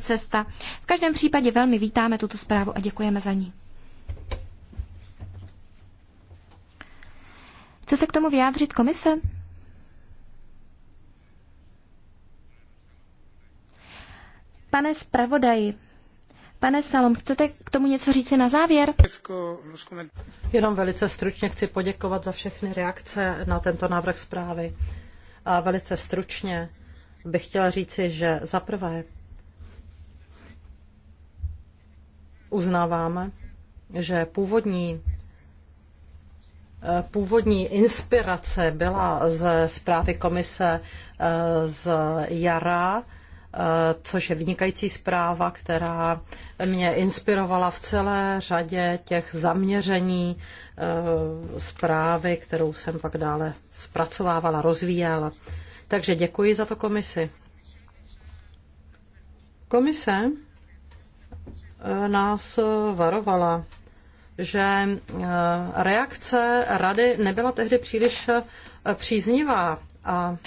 cesta. V každém případě velmi vítáme tuto zprávu a děkujeme za ní. Chce se k tomu vyjádřit komise? Pane zpravodaji, Pane Salom, chcete k tomu něco říct na závěr? Jenom velice stručně chci poděkovat za všechny reakce na tento návrh zprávy. A velice stručně bych chtěla říci, že za prvé uznáváme, že původní eh, Původní inspirace byla ze zprávy komise eh, z jara Eh, což je vynikající zpráva, která mě inspirovala v celé řadě těch zaměření eh, zprávy, kterou jsem pak dále zpracovávala, rozvíjela. Takže děkuji za to komisi. Komise eh, nás varovala, že reakce rady nebyla tehdy příliš příznivá a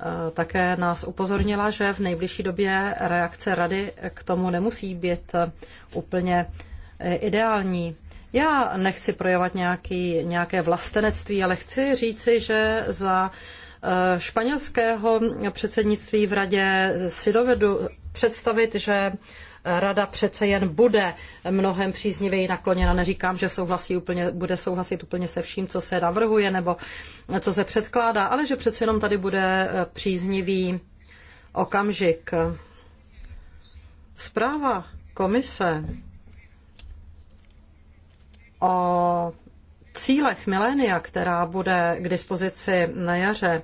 Eh, také nás upozornila, že v nejbližší době reakce rady k tomu nemusí být eh, úplně eh, ideální. Já nechci projevovat nějaký, nějaké vlastenectví, ale chci říci, že za španělského předsednictví v radě si dovedu představit, že rada přece jen bude mnohem příznivěji nakloněna. Neříkám, že souhlasí úplně, bude souhlasit úplně se vším, co se navrhuje nebo co se předkládá, ale že přece jenom tady bude eh, příznivý okamžik. Zpráva komise o cílech milénia, která bude k dispozici na jaře,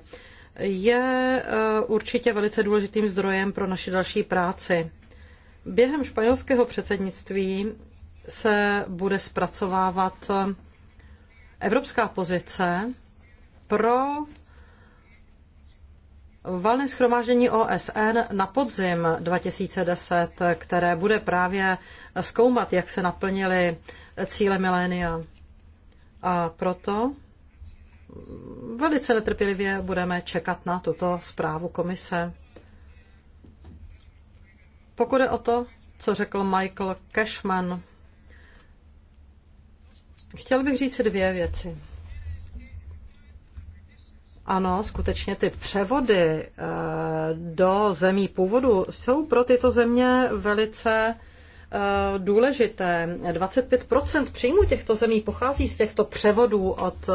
je eh, určitě velice důležitým zdrojem pro naši další práci. Během španělského předsednictví se bude zpracovávat evropská pozice pro valné schromáždění OSN na podzim 2010, které bude právě zkoumat, jak se naplnily cíle milénia. A proto velice netrpělivě budeme čekat na tuto zprávu komise. Pokud je o to, co řekl Michael Cashman, chtěl bych říct dvě věci. Ano, skutečně ty převody eh, do zemí původu jsou pro tyto země velice eh, důležité. 25 příjmu těchto zemí pochází z těchto převodů od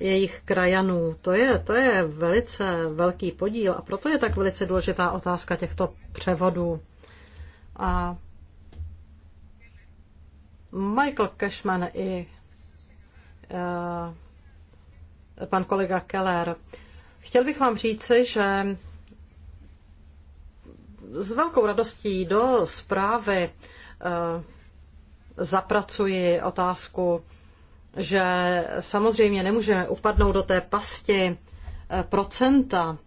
jejich krajanů. To je, to je velice velký podíl a proto je tak velice důležitá otázka těchto převodů. A Michael Cashman i uh, pan kolega Keller. Chtěl bych vám říci, že s velkou radostí do zprávy uh, zapracuji otázku, že samozřejmě nemůžeme upadnout do té pasti eh, procenta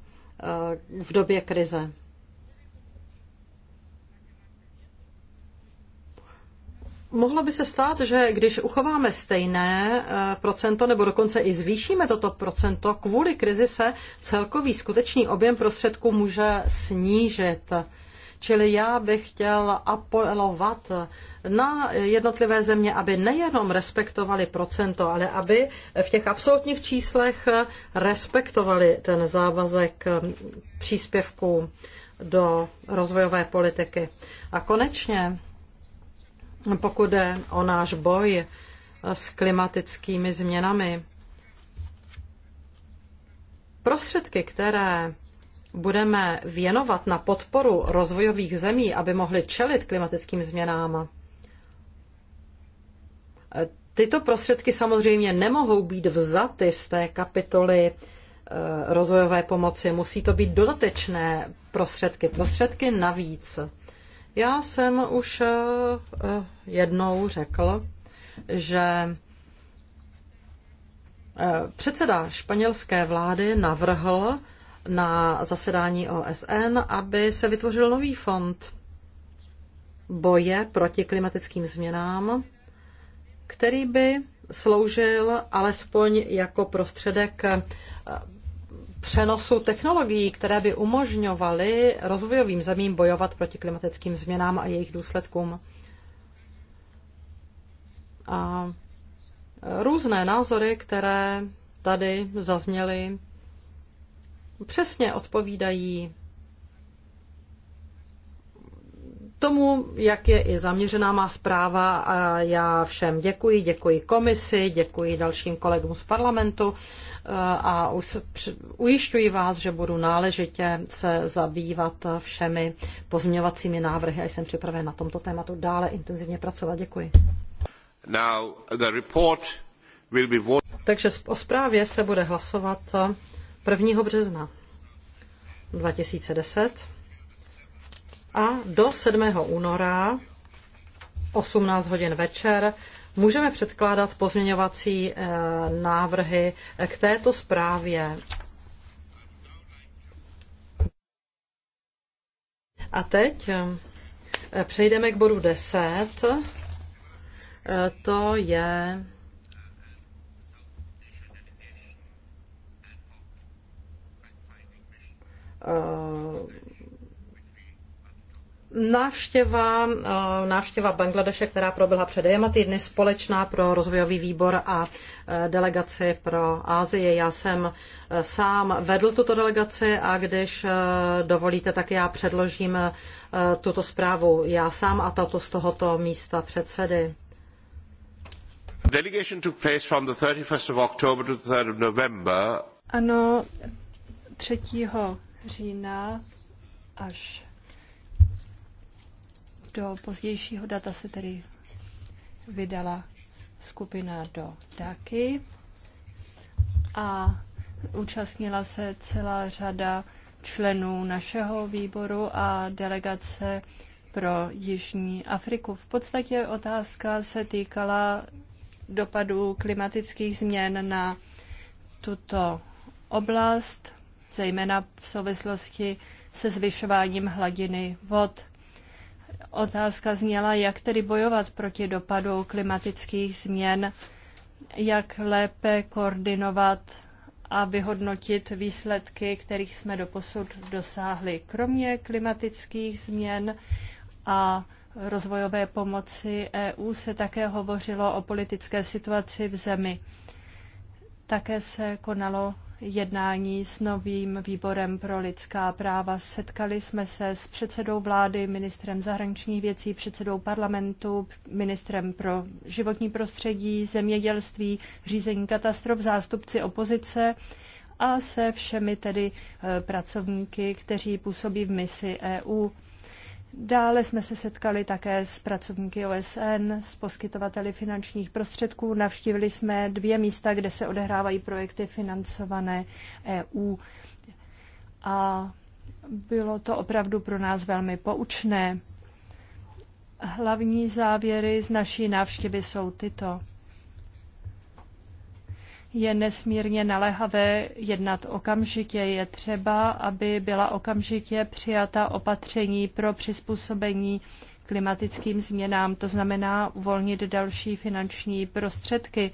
v době krize. Mohlo by se stát, že když uchováme stejné eh, procento nebo dokonce i zvýšíme toto procento, kvůli krizi se celkový skutečný objem prostředků může snížit. Čili já bych chtěl apelovat na jednotlivé země, aby nejenom respektovali procento, ale aby v těch absolutních číslech respektovali ten závazek příspěvku do rozvojové politiky. A konečně pokud jde o náš boj s klimatickými změnami, prostředky, které budeme věnovat na podporu rozvojových zemí, aby mohly čelit klimatickým změnám, tyto prostředky samozřejmě nemohou být vzaty z té kapitoly eh, rozvojové pomoci. Musí to být dodatečné prostředky, prostředky navíc. Já jsem už eh, eh, jednou řekl, že eh, předseda španělské vlády navrhl na zasedání OSN, aby se vytvořil nový fond boje proti klimatickým změnám, který by sloužil alespoň jako prostředek přenosu technologií, které by umožňovaly rozvojovým zemím bojovat proti klimatickým změnám a jejich důsledkům. A různé názory, které tady zazněly, přesně odpovídají tomu, jak je i zaměřená má zpráva. A já všem děkuji, děkuji komisi, děkuji dalším kolegům z parlamentu a ujišťuji vás, že budu náležitě se zabývat všemi pozměňovacími návrhy a jsem připraven na tomto tématu dále intenzivně pracovat. Děkuji. Now, the report will be voted. Takže o zprávě se bude hlasovat 1. března 2010 a do 7. února 18 hodin večer Můžeme předkládat pozměňovací eh, návrhy k této zprávě. A teď eh, přejdeme k bodu 10. Eh, to je Návštěva, eh, návštěva Bangladeše, která proběhla před dvěma týdny, společná pro rozvojový výbor a eh, delegaci pro Ázii, Já jsem eh, sám vedl tuto delegaci a když dovolíte, tak já předložím tuto zprávu já sám a tato z tohoto místa předsedy. Delegation took place from the 31st of October to the 3rd of November. Ano, 3. října až do pozdějšího data se tedy vydala skupina do Daky a účastnila se celá řada členů našeho výboru a delegace pro Jižní Afriku. V podstatě otázka se týkala dopadů klimatických změn na tuto oblast, zejména v souvislosti se zvyšováním hladiny vod. Otázka zněla, jak tedy bojovat proti dopadu klimatických změn, jak lépe koordinovat a vyhodnotit výsledky, kterých jsme doposud dosáhli. Kromě klimatických změn a rozvojové pomoci EU se také hovořilo o politické situaci v zemi. Také se konalo jednání s novým výborem pro lidská práva. Setkali jsme se s předsedou vlády, ministrem zahraničních věcí, předsedou parlamentu, ministrem pro životní prostředí, zemědělství, řízení katastrof, zástupci opozice a se všemi tedy eh, pracovníky, kteří působí v misi EU. Dále jsme se setkali také s pracovníky OSN, s poskytovateli finančních prostředků. Navštívili jsme dvě místa, kde se odehrávají projekty financované EU. A bylo to opravdu pro nás velmi poučné. Hlavní závěry z naší návštěvy jsou tyto je nesmírně naléhavé jednat okamžitě. Je třeba, aby byla okamžitě přijata opatření pro přizpůsobení klimatickým změnám, to znamená uvolnit další finanční prostředky.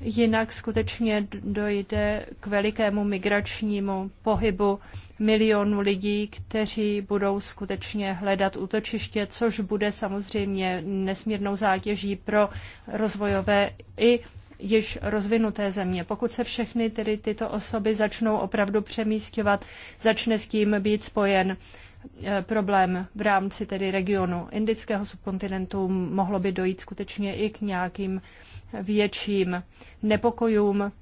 Jinak skutečně dojde k velikému migračnímu pohybu milionů lidí, kteří budou skutečně hledat útočiště, což bude samozřejmě nesmírnou zátěží pro rozvojové i již rozvinuté země. Pokud se všechny tedy tyto osoby začnou opravdu přemístěvat, začne s tím být spojen eh, problém v rámci tedy regionu indického subkontinentu, mohlo by dojít skutečně i k nějakým větším nepokojům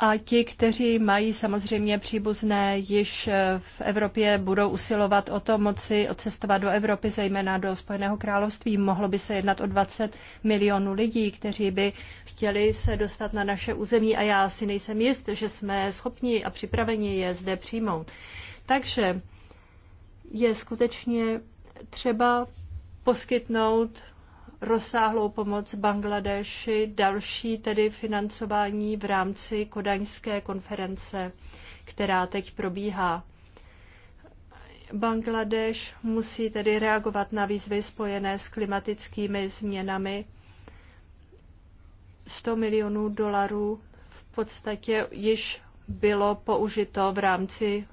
a ti, kteří mají samozřejmě příbuzné, již eh, v Evropě budou usilovat o to moci odcestovat do Evropy, zejména do Spojeného království. Mohlo by se jednat o 20 milionů lidí, kteří by chtěli se dostat na naše území a já si nejsem jist, že jsme schopni a připraveni je zde přijmout. Takže je skutečně třeba poskytnout rozsáhlou pomoc Bangladeši, další tedy financování v rámci kodaňské konference, která teď probíhá. Bangladeš musí tedy reagovat na výzvy spojené s klimatickými změnami. 100 milionů dolarů v podstatě již bylo použito v rámci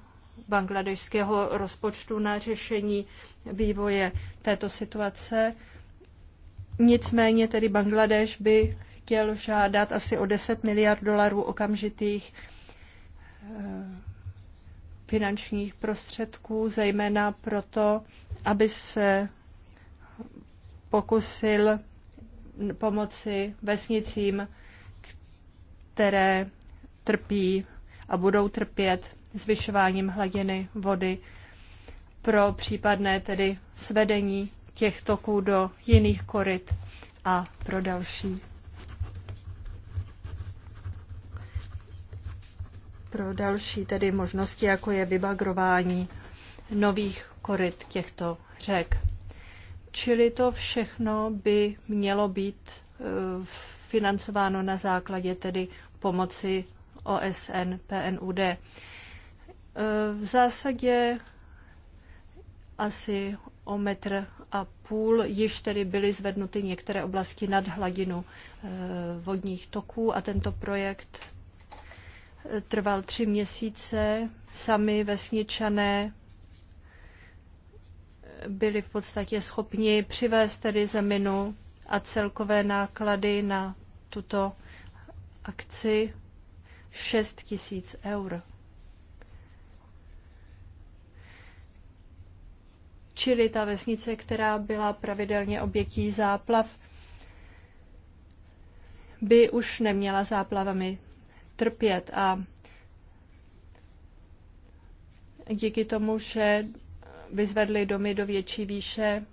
bangladešského rozpočtu na řešení vývoje této situace. Nicméně tedy Bangladeš by chtěl žádat asi o 10 miliard dolarů okamžitých eh, finančních prostředků, zejména proto, aby se pokusil pomoci vesnicím, které trpí a budou trpět zvyšováním hladiny vody pro případné tedy svedení těch toků do jiných koryt a pro další pro další tedy možnosti, jako je vybagrování nových koryt těchto řek. Čili to všechno by mělo být eh, financováno na základě tedy pomoci OSN PNUD. Eh, v zásadě asi o metr a půl již tedy byly zvednuty některé oblasti nad hladinu eh, vodních toků a tento projekt eh, trval tři měsíce. Sami vesničané eh, byli v podstatě schopni přivést tedy zeminu a celkové náklady na tuto akci 6 tisíc euro. čili ta vesnice, která byla pravidelně obětí záplav, by už neměla záplavami trpět. A díky tomu, že vyzvedli domy do větší výše,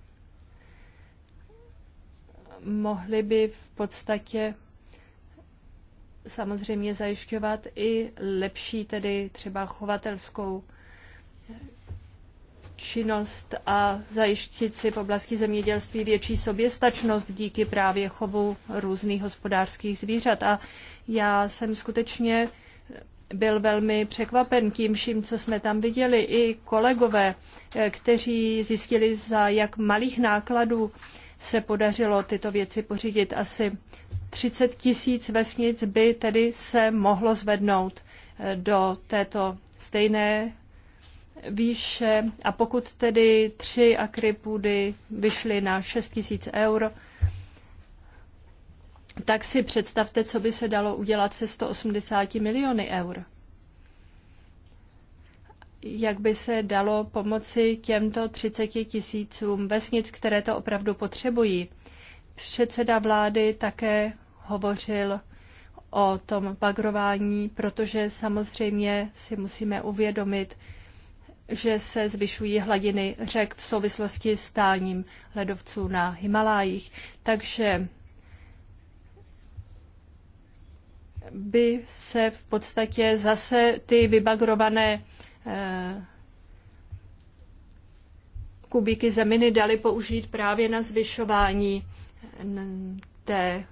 mohli by v podstatě samozřejmě zajišťovat i lepší, tedy třeba chovatelskou činnost a zajištit si v oblasti zemědělství větší soběstačnost díky právě chovu různých hospodářských zvířat. A já jsem skutečně byl velmi překvapen tím vším, co jsme tam viděli. I kolegové, eh, kteří zjistili, za jak malých nákladů se podařilo tyto věci pořídit. Asi 30 tisíc vesnic by tedy se mohlo zvednout eh, do této stejné výše a pokud tedy tři akrypůdy vyšly na 6 tisíc eur, tak si představte, co by se dalo udělat se 180 miliony eur. Jak by se dalo pomoci těmto 30 tisícům vesnic, které to opravdu potřebují. Předseda vlády také hovořil o tom bagrování, protože samozřejmě si musíme uvědomit, že se zvyšují hladiny řek v souvislosti s táním ledovců na Himalájích. Takže by se v podstatě zase ty vybagrované eh, kubíky zeminy daly použít právě na zvyšování té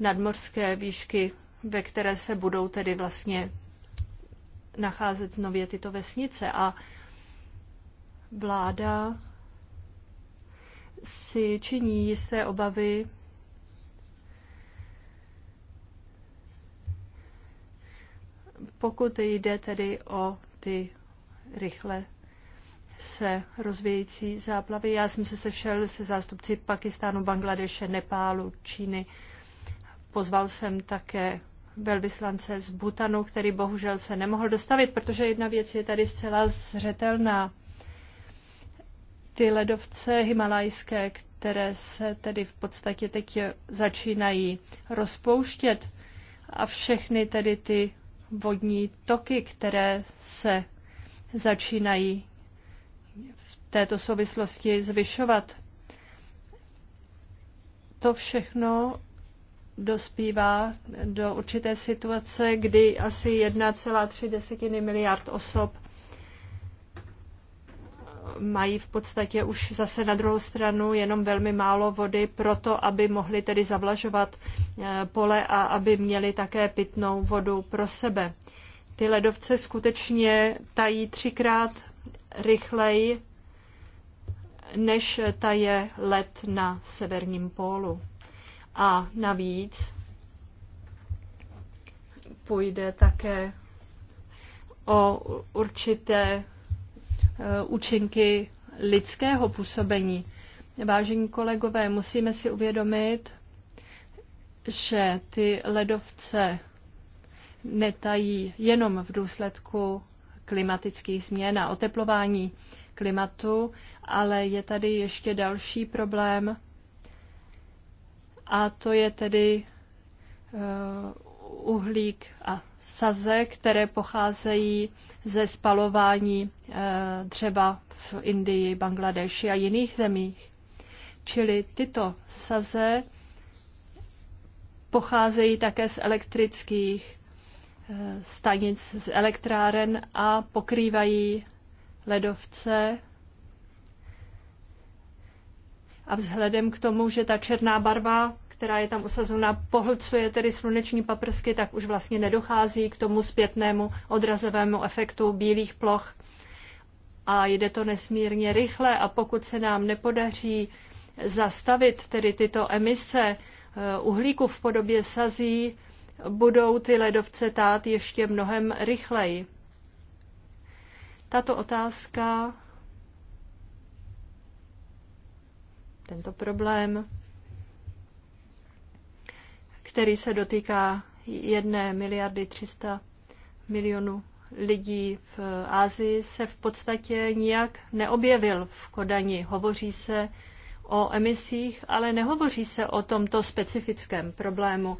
nadmorské výšky, ve které se budou tedy vlastně nacházet nově tyto vesnice a vláda si činí jisté obavy pokud jde tedy o ty rychle se rozvějící záplavy. Já jsem se sešel se zástupci Pakistánu, Bangladeše, Nepálu, Číny. Pozval jsem také velvyslance z Butanu, který bohužel se nemohl dostavit, protože jedna věc je tady zcela zřetelná. Ty ledovce himalajské, které se tedy v podstatě teď začínají rozpouštět a všechny tedy ty vodní toky, které se začínají v této souvislosti zvyšovat. To všechno dospívá do určité situace, kdy asi 1,3 miliard osob mají v podstatě už zase na druhou stranu jenom velmi málo vody pro to, aby mohli tedy zavlažovat eh, pole a aby měli také pitnou vodu pro sebe. Ty ledovce skutečně tají třikrát rychleji, než taje led na severním pólu. A navíc půjde také o určité eh, účinky lidského působení. Vážení kolegové, musíme si uvědomit, že ty ledovce netají jenom v důsledku klimatických změn a oteplování klimatu, ale je tady ještě další problém, a to je tedy eh, uhlík a saze, které pocházejí ze spalování dřeva eh, v Indii, Bangladeši a jiných zemích. Čili tyto saze pocházejí také z elektrických eh, stanic, z elektráren a pokrývají ledovce a vzhledem k tomu, že ta černá barva, která je tam osazena, pohlcuje tedy sluneční paprsky, tak už vlastně nedochází k tomu zpětnému odrazovému efektu bílých ploch. A jde to nesmírně rychle a pokud se nám nepodaří zastavit tedy tyto emise eh, uhlíku v podobě sazí, budou ty ledovce tát ještě mnohem rychleji. Tato otázka tento problém, který se dotýká 1 miliardy 300 milionů lidí v Ázii, se v podstatě nijak neobjevil v Kodani. Hovoří se o emisích, ale nehovoří se o tomto specifickém problému.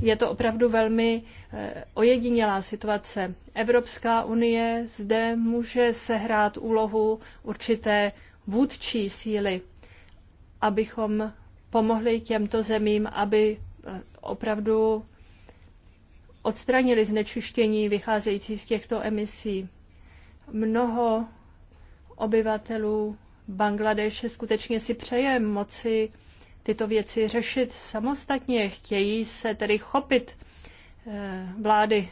Je to opravdu velmi eh, ojedinělá situace. Evropská unie zde může sehrát úlohu určité vůdčí síly abychom pomohli těmto zemím, aby eh, opravdu odstranili znečištění vycházející z těchto emisí. Mnoho obyvatelů Bangladeše skutečně si přeje moci tyto věci řešit samostatně. Chtějí se tedy chopit eh, vlády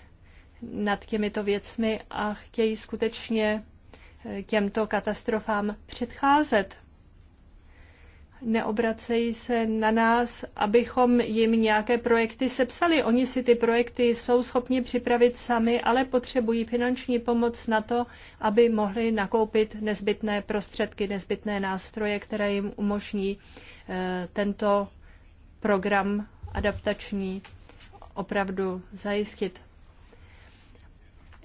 nad těmito věcmi a chtějí skutečně eh, těmto katastrofám předcházet neobracejí se na nás, abychom jim nějaké projekty sepsali. Oni si ty projekty jsou schopni připravit sami, ale potřebují finanční pomoc na to, aby mohli nakoupit nezbytné prostředky, nezbytné nástroje, které jim umožní eh, tento program adaptační opravdu zajistit.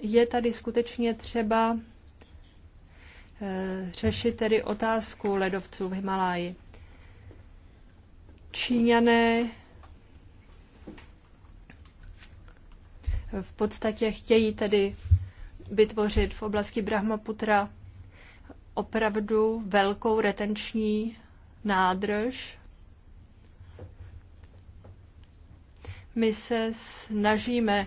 Je tady skutečně třeba eh, řešit tedy otázku ledovců v Himaláji. Číňané v podstatě chtějí tedy vytvořit v oblasti Brahmaputra opravdu velkou retenční nádrž. My se snažíme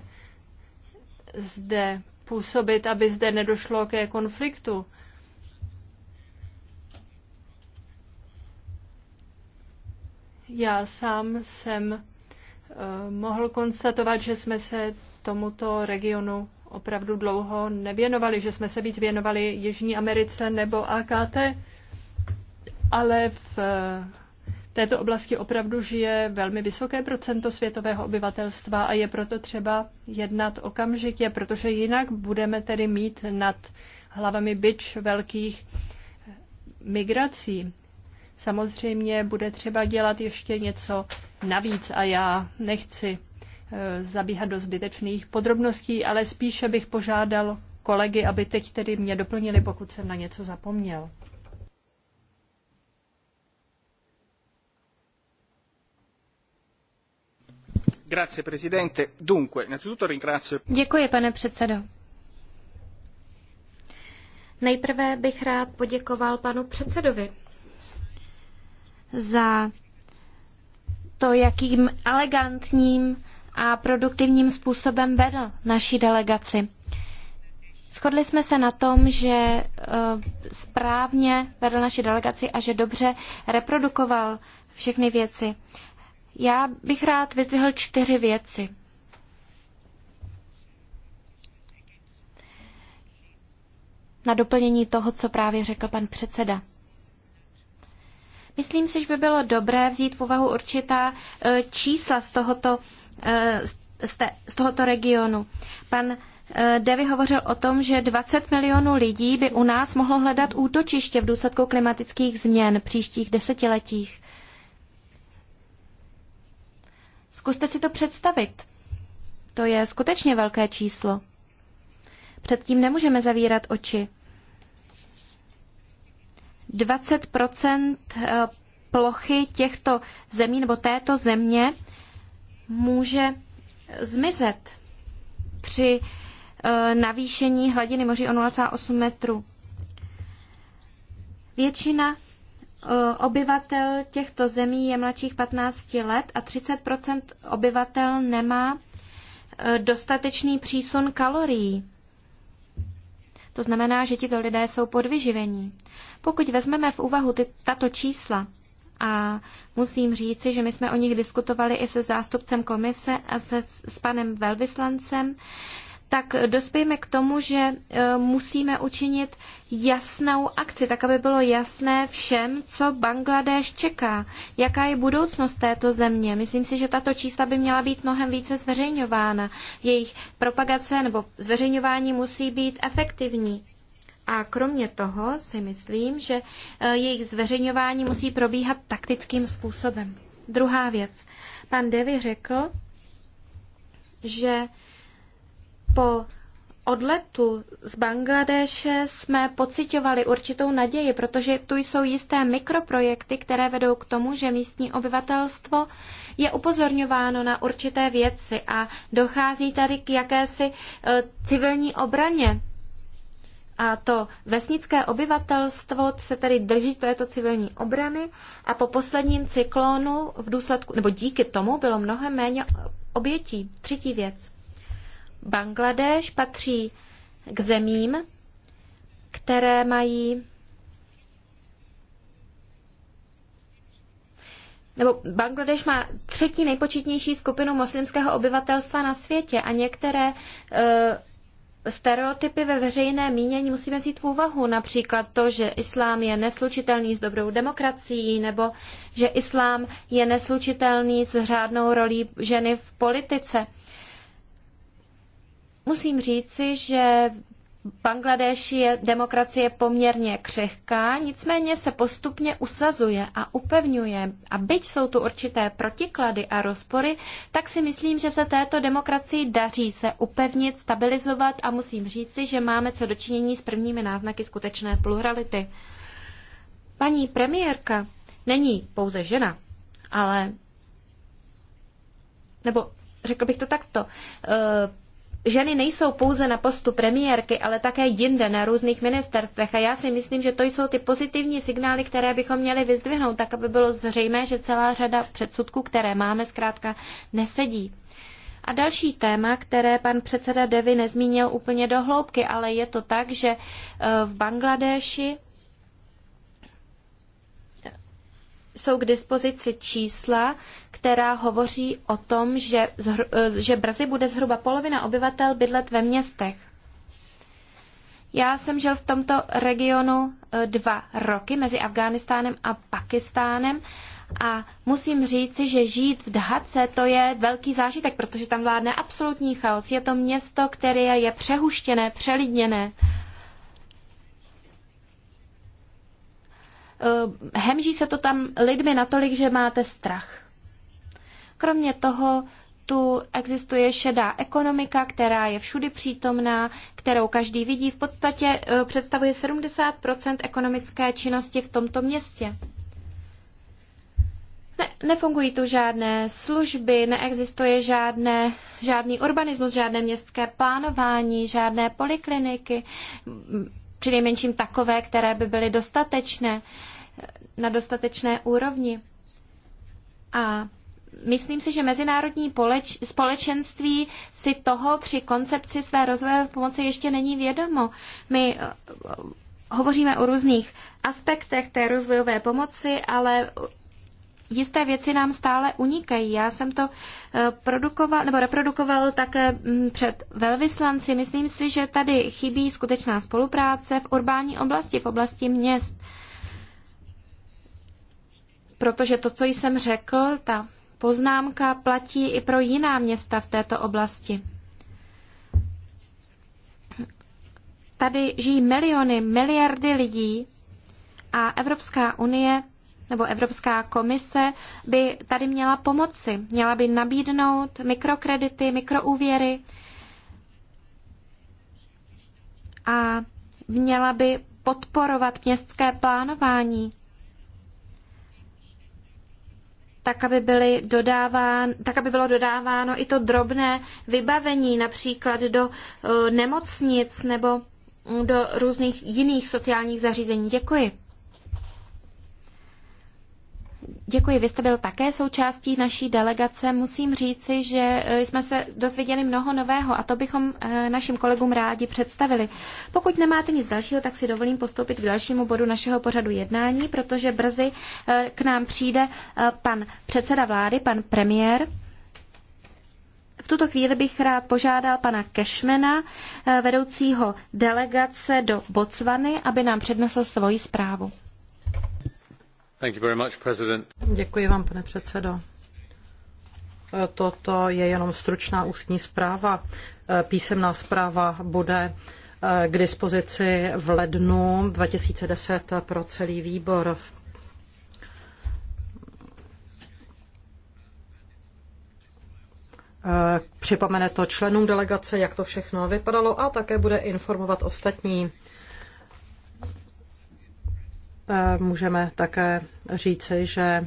zde působit, aby zde nedošlo ke konfliktu Já sám jsem eh, mohl konstatovat, že jsme se tomuto regionu opravdu dlouho nevěnovali, že jsme se víc věnovali Jižní Americe nebo AKT, ale v eh, této oblasti opravdu žije velmi vysoké procento světového obyvatelstva a je proto třeba jednat okamžitě, protože jinak budeme tedy mít nad hlavami byč velkých migrací. Samozřejmě bude třeba dělat ještě něco navíc a já nechci eh, zabíhat do zbytečných podrobností, ale spíše bych požádal kolegy, aby teď tedy mě doplnili, pokud jsem na něco zapomněl. Děkuji, pane předsedo. Nejprve bych rád poděkoval panu předsedovi za to, jakým elegantním a produktivním způsobem vedl naší delegaci. Shodli jsme se na tom, že eh, správně vedl naši delegaci a že dobře reprodukoval všechny věci. Já bych rád vyzdvihl čtyři věci. Na doplnění toho, co právě řekl pan předseda. Myslím si, že by bylo dobré vzít v úvahu určitá e, čísla z tohoto, e, z tohoto regionu. Pan e, Devi hovořil o tom, že 20 milionů lidí by u nás mohlo hledat útočiště v důsledku klimatických změn příštích desetiletích. Zkuste si to představit. To je skutečně velké číslo. Předtím nemůžeme zavírat oči. 20 eh, plochy těchto zemí nebo této země může zmizet při eh, navýšení hladiny moří o 0,8 metru. Většina eh, obyvatel těchto zemí je mladších 15 let a 30 obyvatel nemá dostatečný přísun kalorií. To znamená, že tito lidé jsou podvyživení. Pokud vezmeme v úvahu ty, tato čísla, a musím říci, že my jsme o nich diskutovali i se zástupcem komise a se, s panem velvyslancem, tak dospějeme k tomu, že e, musíme učinit jasnou akci, tak aby bylo jasné všem, co Bangladeš čeká, jaká je budoucnost této země. Myslím si, že tato čísla by měla být mnohem více zveřejňována. Jejich propagace nebo zveřejňování musí být efektivní. A kromě toho si myslím, že e, jejich zveřejňování musí probíhat taktickým způsobem. Druhá věc. Pan Devi řekl, že po odletu z Bangladeše jsme pocitovali určitou naději, protože tu jsou jisté mikroprojekty, které vedou k tomu, že místní obyvatelstvo je upozorňováno na určité věci a dochází tady k jakési eh, civilní obraně. A to vesnické obyvatelstvo se tedy drží této civilní obrany a po posledním cyklonu v důsledku, nebo díky tomu bylo mnohem méně obětí. Třetí věc. Bangladeš patří k zemím, které mají nebo Bangladeš má třetí nejpočetnější skupinu muslimského obyvatelstva na světě a některé e, stereotypy ve veřejné mínění musíme vzít v úvahu, například to, že islám je neslučitelný s dobrou demokracií, nebo že islám je neslučitelný s řádnou rolí ženy v politice. Musím říci, že v je demokracie poměrně křehká, nicméně se postupně usazuje a upevňuje. A byť jsou tu určité protiklady a rozpory, tak si myslím, že se této demokracii daří se upevnit, stabilizovat a musím říci, že máme co dočinění s prvními náznaky skutečné plurality. Paní premiérka není pouze žena, ale nebo řekl bych to takto. Eh, ženy nejsou pouze na postu premiérky, ale také jinde na různých ministerstvech. A já si myslím, že to jsou ty pozitivní signály, které bychom měli vyzdvihnout, tak aby bylo zřejmé, že celá řada předsudků, které máme, zkrátka nesedí. A další téma, které pan předseda Devi nezmínil úplně do hloubky, ale je to tak, že eh, v Bangladeši jsou k dispozici čísla, která hovoří o tom, že, eh, že brzy bude zhruba polovina obyvatel bydlet ve městech. Já jsem žil v tomto regionu eh, dva roky mezi Afghánistánem a Pakistánem a musím říci, že žít v Dhace to je velký zážitek, protože tam vládne absolutní chaos. Je to město, které je přehuštěné, přelidněné. Eh, hemží se to tam lidmi natolik, že máte strach. Kromě toho tu existuje šedá ekonomika, která je všudy přítomná, kterou každý vidí. V podstatě eh, představuje 70 ekonomické činnosti v tomto městě. Ne, nefungují tu žádné služby, neexistuje žádné, žádný urbanismus, žádné městské plánování, žádné polikliniky přinejmenším takové, které by byly dostatečné, na dostatečné úrovni. A myslím si, že mezinárodní poleč, společenství si toho při koncepci své rozvojové pomoci ještě není vědomo. My eh, hovoříme o různých aspektech té rozvojové pomoci, ale jisté věci nám stále unikají. Já jsem to eh, produkoval, nebo reprodukoval také mm, před velvyslanci. Myslím si, že tady chybí skutečná spolupráce v urbání oblasti, v oblasti měst. Protože to, co jsem řekl, ta poznámka platí i pro jiná města v této oblasti. Tady žijí miliony, miliardy lidí a Evropská unie nebo Evropská komise by tady měla pomoci. Měla by nabídnout mikrokredity, mikroúvěry a měla by podporovat městské plánování, tak aby, byly dodáván, tak, aby bylo dodáváno i to drobné vybavení, například do eh, nemocnic nebo do různých jiných sociálních zařízení. Děkuji. Děkuji, vy jste byl také součástí naší delegace. Musím říci, že eh, jsme se dozvěděli mnoho nového a to bychom eh, našim kolegům rádi představili. Pokud nemáte nic dalšího, tak si dovolím postoupit k dalšímu bodu našeho pořadu jednání, protože brzy eh, k nám přijde pan předseda vlády, pan premiér. V tuto chvíli bych rád požádal pana Kešmena, vedoucího delegace do Botswany, aby nám přednesl svoji zprávu. Děkuji vám, pane předsedo. E, toto je jenom stručná ústní zpráva. E, písemná zpráva bude e, k dispozici v lednu 2010 pro celý výbor. Připomene to členům delegace, jak to všechno vypadalo a také bude informovat ostatní. Můžeme také říci, že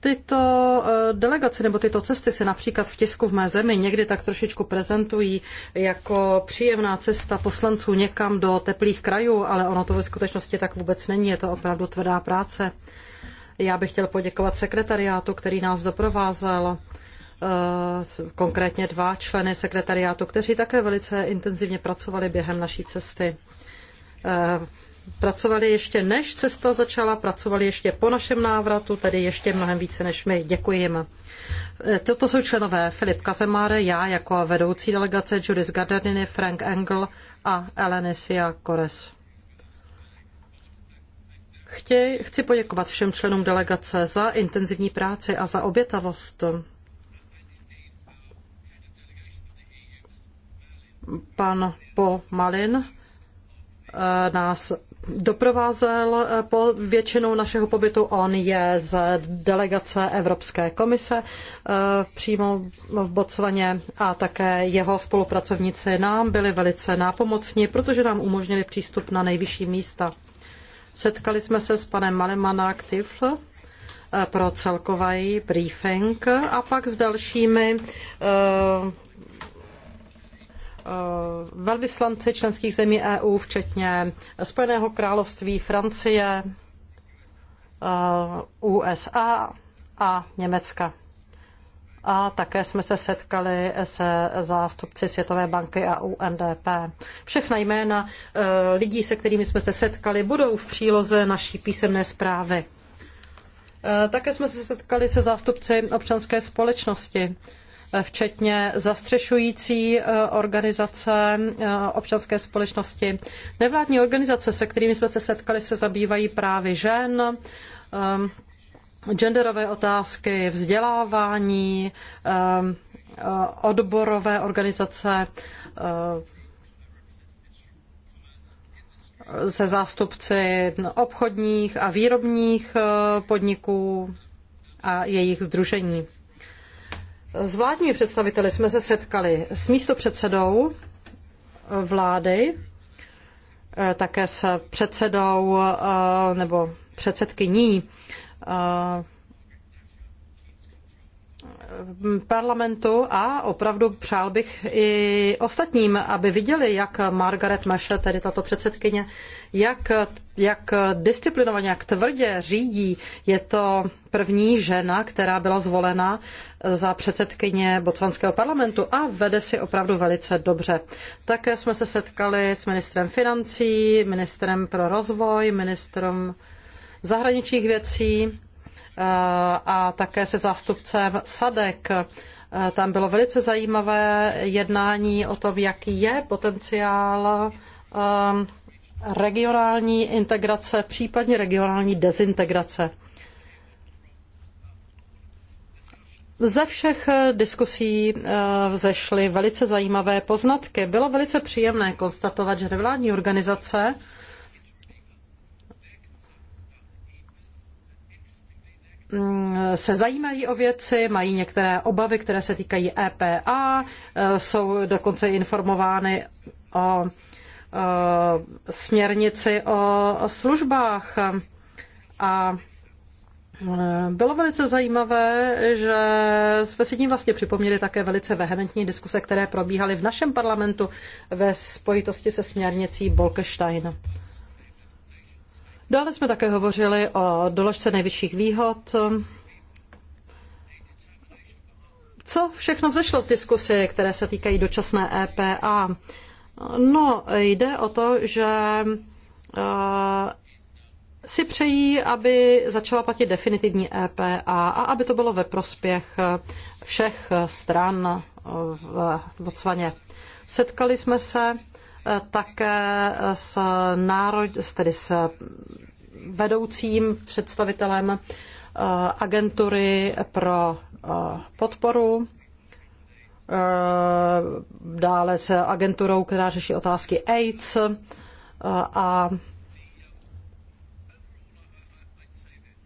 Tyto eh, delegace nebo tyto cesty se například v tisku v mé zemi někdy tak trošičku prezentují jako příjemná cesta poslanců někam do teplých krajů, ale ono to ve skutečnosti tak vůbec není, je to opravdu tvrdá práce. Já bych chtěl poděkovat sekretariátu, který nás doprovázel, eh, konkrétně dva členy sekretariátu, kteří také velice intenzivně pracovali během naší cesty pracovali ještě než cesta začala, pracovali ještě po našem návratu, tedy ještě mnohem více než my. Děkuji jim. E, toto jsou členové Filip Kazemáre, já jako vedoucí delegace Judith Gardeny, Frank Engel a Elenesia Kores. Chtěj, chci poděkovat všem členům delegace za intenzivní práci a za obětavost. Pan Po Malin Eh, nás doprovázel eh, po většinu našeho pobytu. On je z delegace Evropské komise eh, přímo v Botswaně a také jeho spolupracovníci nám byli velice nápomocní, protože nám umožnili přístup na nejvyšší místa. Setkali jsme se s panem Malemana Aktiv pro celkový briefing a pak s dalšími Eh, velvyslanci členských zemí EU, včetně Spojeného království, Francie, eh, USA a Německa. A také jsme se setkali se zástupci Světové banky a UNDP. Všechna jména eh, lidí, se kterými jsme se setkali, budou v příloze naší písemné zprávy. Také jsme se setkali se zástupci občanské společnosti včetně zastřešující eh, organizace eh, občanské společnosti. Nevládní organizace, se kterými jsme se setkali, se zabývají právy žen, eh, genderové otázky, vzdělávání, odborové organizace se zástupci obchodních a výrobních podniků a jejich združení. S vládními představiteli jsme se setkali s místopředsedou vlády, eh, také s předsedou eh, nebo předsedkyní eh, parlamentu a opravdu přál bych i ostatním, aby viděli, jak Margaret Masher, tedy tato předsedkyně, jak, jak disciplinovaně, jak tvrdě řídí. Je to první žena, která byla zvolena za předsedkyně Botswanského parlamentu a vede si opravdu velice dobře. Také jsme se setkali s ministrem financí, ministrem pro rozvoj, ministrem zahraničních věcí Eh, a také se zástupcem SADEK. Eh, tam bylo velice zajímavé jednání o tom, jaký je potenciál eh, regionální integrace, případně regionální dezintegrace. Ze všech diskusí vzešly velice zajímavé poznatky. Bylo velice příjemné konstatovat, že nevládní organizace se zajímají o věci, mají některé obavy, které se týkají EPA, e, jsou dokonce informovány o e, směrnici o službách. A e, bylo velice zajímavé, že jsme si tím vlastně připomněli také velice vehementní diskuse, které probíhaly v našem parlamentu ve spojitosti se směrnicí Bolkestein. Dále jsme také hovořili o doložce nejvyšších výhod. Co všechno vzešlo z diskusy, které se týkají dočasné EPA? No, jde o to, že eh, si přejí, aby začala platit definitivní EPA a aby to bylo ve prospěch všech stran v Botswaně. Setkali jsme se eh, také s, národ, tedy s vedoucím představitelem eh, agentury pro eh, podporu eh, dále s agenturou, která řeší otázky AIDS a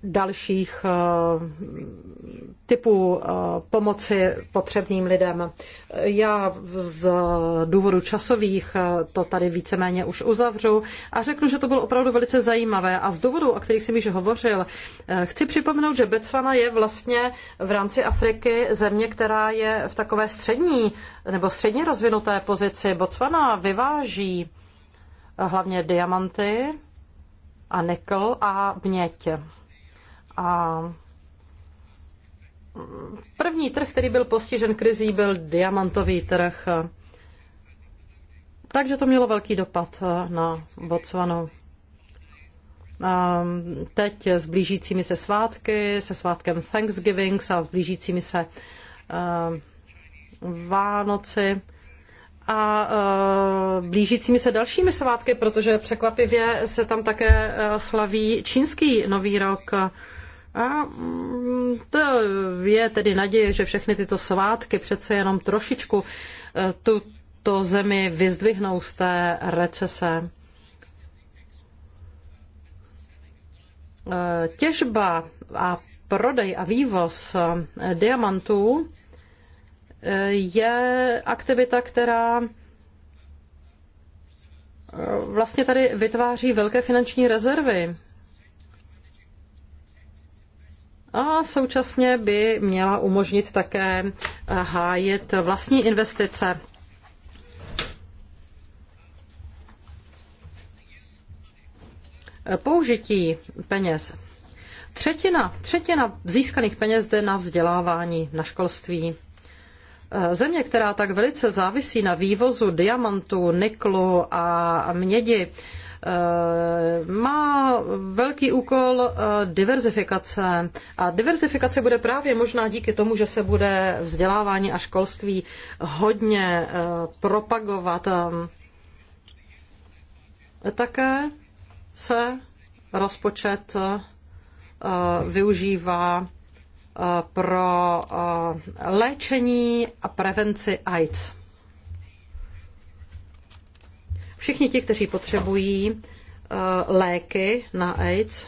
dalších eh, typů eh, pomoci potřebným lidem. Já z důvodu časových eh, to tady víceméně už uzavřu a řeknu, že to bylo opravdu velice zajímavé a z důvodu, o kterých jsem již hovořil, chci připomenout, že Botswana je vlastně v rámci Afriky země, která je v takové střední nebo středně rozvinuté pozici. Botswana vyváží hlavně diamanty a nikl a měď. A první trh, který byl postižen krizí, byl diamantový trh. Takže to mělo velký dopad na Botswanu. Teď s blížícími se svátky, se svátkem Thanksgiving a s blížícími se Vánoci a blížícími se dalšími svátky, protože překvapivě se tam také slaví čínský nový rok. A mm, to je tedy naděje, že všechny tyto svátky přece jenom trošičku eh, tuto zemi vyzdvihnou z té recese. Eh, těžba a prodej a vývoz eh, diamantů je aktivita, která vlastně tady vytváří velké finanční rezervy. a současně by měla umožnit také eh, hájit vlastní investice. Použití peněz. Třetina, třetina získaných peněz jde na vzdělávání, na školství. Eh, země, která tak velice závisí na vývozu diamantů, niklu a mědi, Eh, má velký úkol eh, diverzifikace. A diverzifikace bude právě možná díky tomu, že se bude vzdělávání a školství hodně eh, propagovat. Také se rozpočet využívá pro léčení a prevenci AIDS. Všichni ti, kteří potřebují eh, léky na AIDS,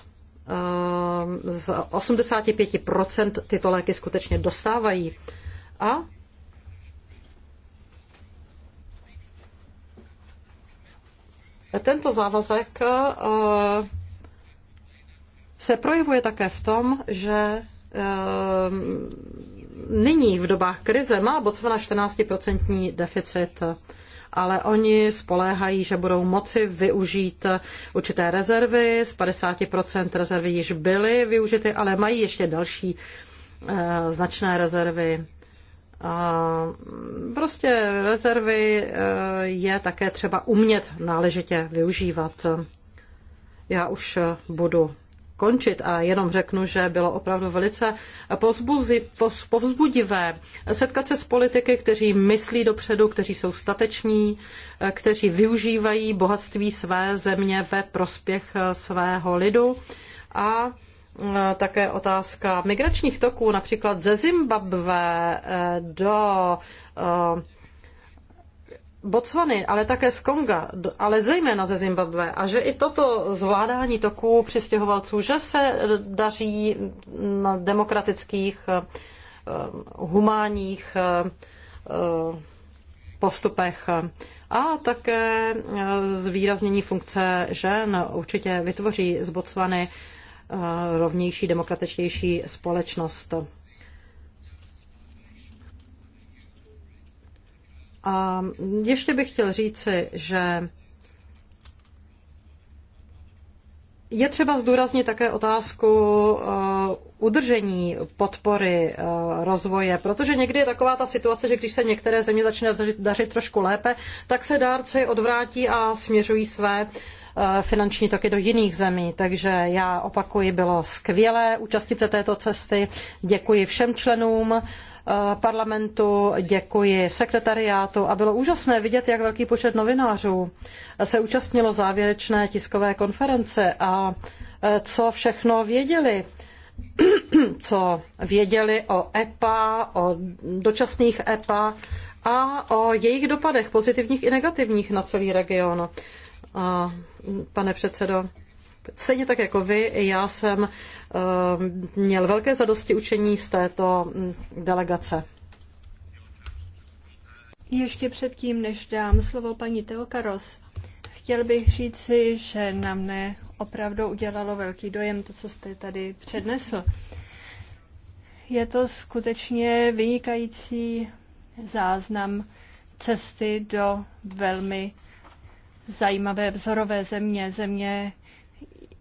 eh, z 85% tyto léky skutečně dostávají. A tento závazek eh, se projevuje také v tom, že nyní v dobách krize má Botswana 14% deficit ale oni spoléhají, že budou moci využít určité rezervy. Z 50% rezervy již byly využity, ale mají ještě další eh, značné rezervy. A prostě rezervy eh, je také třeba umět náležitě využívat. Já už budu končit a jenom řeknu, že bylo opravdu velice pozbuzi, poz, povzbudivé setkat se s politiky, kteří myslí dopředu, kteří jsou stateční, eh, kteří využívají bohatství své země ve prospěch eh, svého lidu a eh, také otázka migračních toků, například ze Zimbabwe do Botswany, ale také z Konga, ale zejména ze Zimbabwe a že i toto zvládání toků přistěhovalců, že se daří na demokratických, eh, eh, humánních eh, postupech a také zvýraznění funkce žen určitě vytvoří z Botswany rovnější, demokratičtější společnost. A ještě bych chtěl říci, že je třeba zdůraznit také otázku eh, udržení podpory eh, rozvoje, protože někdy je taková ta situace, že když se některé země začne dařit trošku lépe, tak se dárci odvrátí a směřují své Eh, finanční toky do jiných zemí. Takže já opakuji, bylo skvělé účastnit se této cesty. Děkuji všem členům eh, parlamentu, děkuji sekretariátu a bylo úžasné vidět, jak velký počet novinářů se účastnilo závěrečné tiskové konference a eh, co všechno věděli <clears throat> co věděli o EPA, o dočasných EPA a o jejich dopadech, pozitivních i negativních na celý region pane předsedo. Stejně tak jako vy, i já jsem eh, měl velké zadosti učení z této mm, delegace. Ještě předtím, než dám slovo paní Teokaros, chtěl bych říci, že na mne opravdu udělalo velký dojem to, co jste tady přednesl. Je to skutečně vynikající záznam cesty do velmi zajímavé vzorové země, země,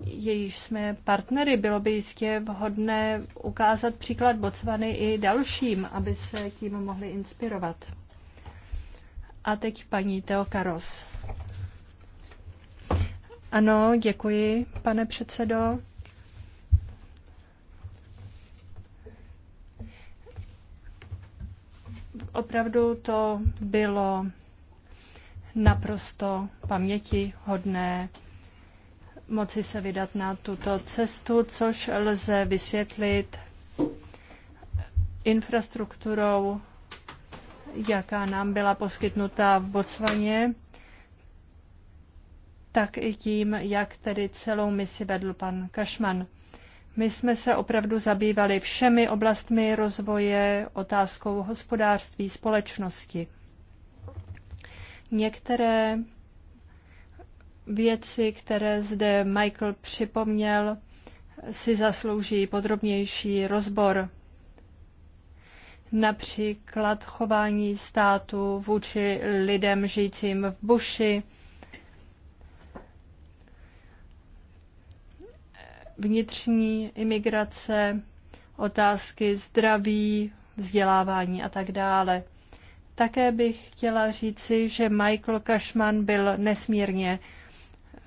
jejíž jsme partnery. Bylo by jistě vhodné ukázat příklad Botswany i dalším, aby se tím mohli inspirovat. A teď paní Teo Karos. Ano, děkuji, pane předsedo. Opravdu to bylo naprosto paměti hodné moci se vydat na tuto cestu, což lze vysvětlit infrastrukturou, jaká nám byla poskytnuta v Botswaně, tak i tím, jak tedy celou misi vedl pan Kašman. My jsme se opravdu zabývali všemi oblastmi rozvoje, otázkou hospodářství, společnosti některé věci, které zde Michael připomněl, si zaslouží podrobnější rozbor. Například chování státu vůči lidem žijícím v buši, vnitřní imigrace, otázky zdraví, vzdělávání a tak dále. Také bych chtěla říci, že Michael Cashman byl nesmírně eh,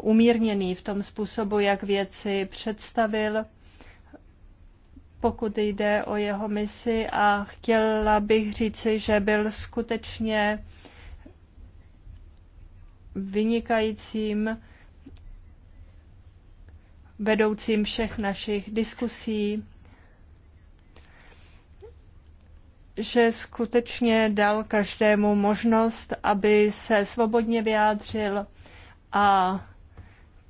umírněný v tom způsobu, jak věci představil, pokud jde o jeho misi a chtěla bych říci, že byl skutečně vynikajícím vedoucím všech našich diskusí že skutečně dal každému možnost, aby se svobodně vyjádřil. A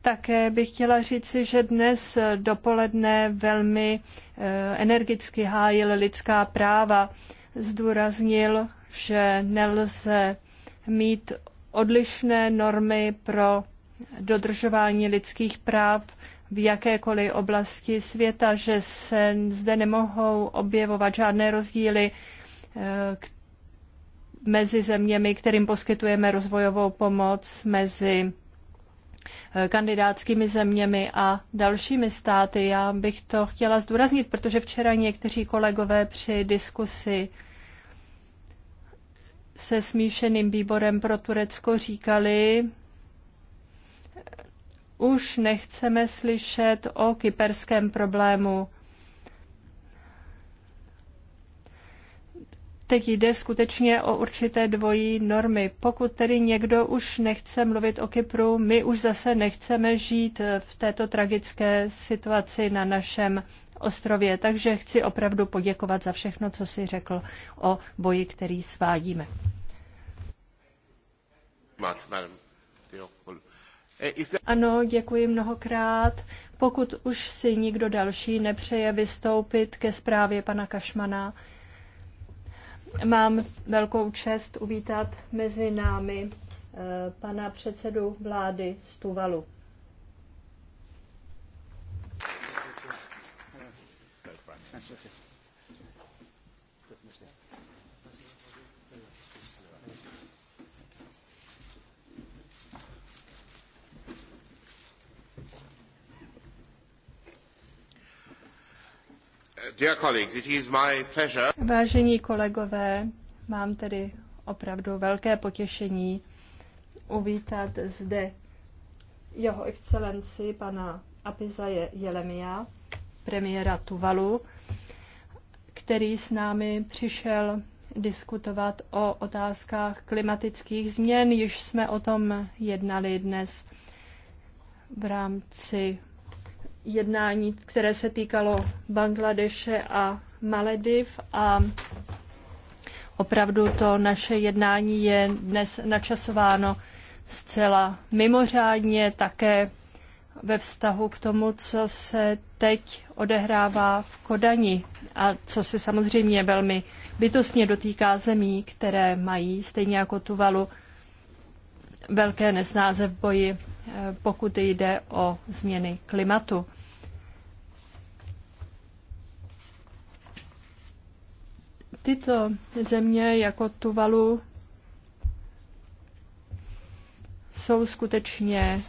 také bych chtěla říci, že dnes dopoledne velmi eh, energicky hájil lidská práva. Zdůraznil, že nelze mít odlišné normy pro dodržování lidských práv v jakékoliv oblasti světa, že se zde nemohou objevovat žádné rozdíly eh, mezi zeměmi, kterým poskytujeme rozvojovou pomoc, mezi eh, kandidátskými zeměmi a dalšími státy. Já bych to chtěla zdůraznit, protože včera někteří kolegové při diskusi se smíšeným výborem pro Turecko říkali, už nechceme slyšet o kyperském problému. Teď jde skutečně o určité dvojí normy. Pokud tedy někdo už nechce mluvit o Kypru, my už zase nechceme žít v této tragické situaci na našem ostrově. Takže chci opravdu poděkovat za všechno, co si řekl o boji, který svádíme. Máte, ano, děkuji mnohokrát. Pokud už si nikdo další nepřeje vystoupit ke zprávě pana Kašmana, mám velkou čest uvítat mezi námi eh, pana předsedu vlády Stuvalu. Thank you. Vážení kolegové, mám tedy opravdu velké potěšení uvítat zde jeho excelenci pana Apizaje Jelemia, premiéra Tuvalu, který s námi přišel diskutovat o otázkách klimatických změn. Již jsme o tom jednali dnes v rámci jednání, které se týkalo Bangladeše a Malediv a opravdu to naše jednání je dnes načasováno zcela mimořádně také ve vztahu k tomu, co se teď odehrává v Kodani a co se samozřejmě velmi bytostně dotýká zemí, které mají stejně jako Tuvalu velké nesnáze v boji pokud jde o změny klimatu. Tyto země jako Tuvalu jsou skutečně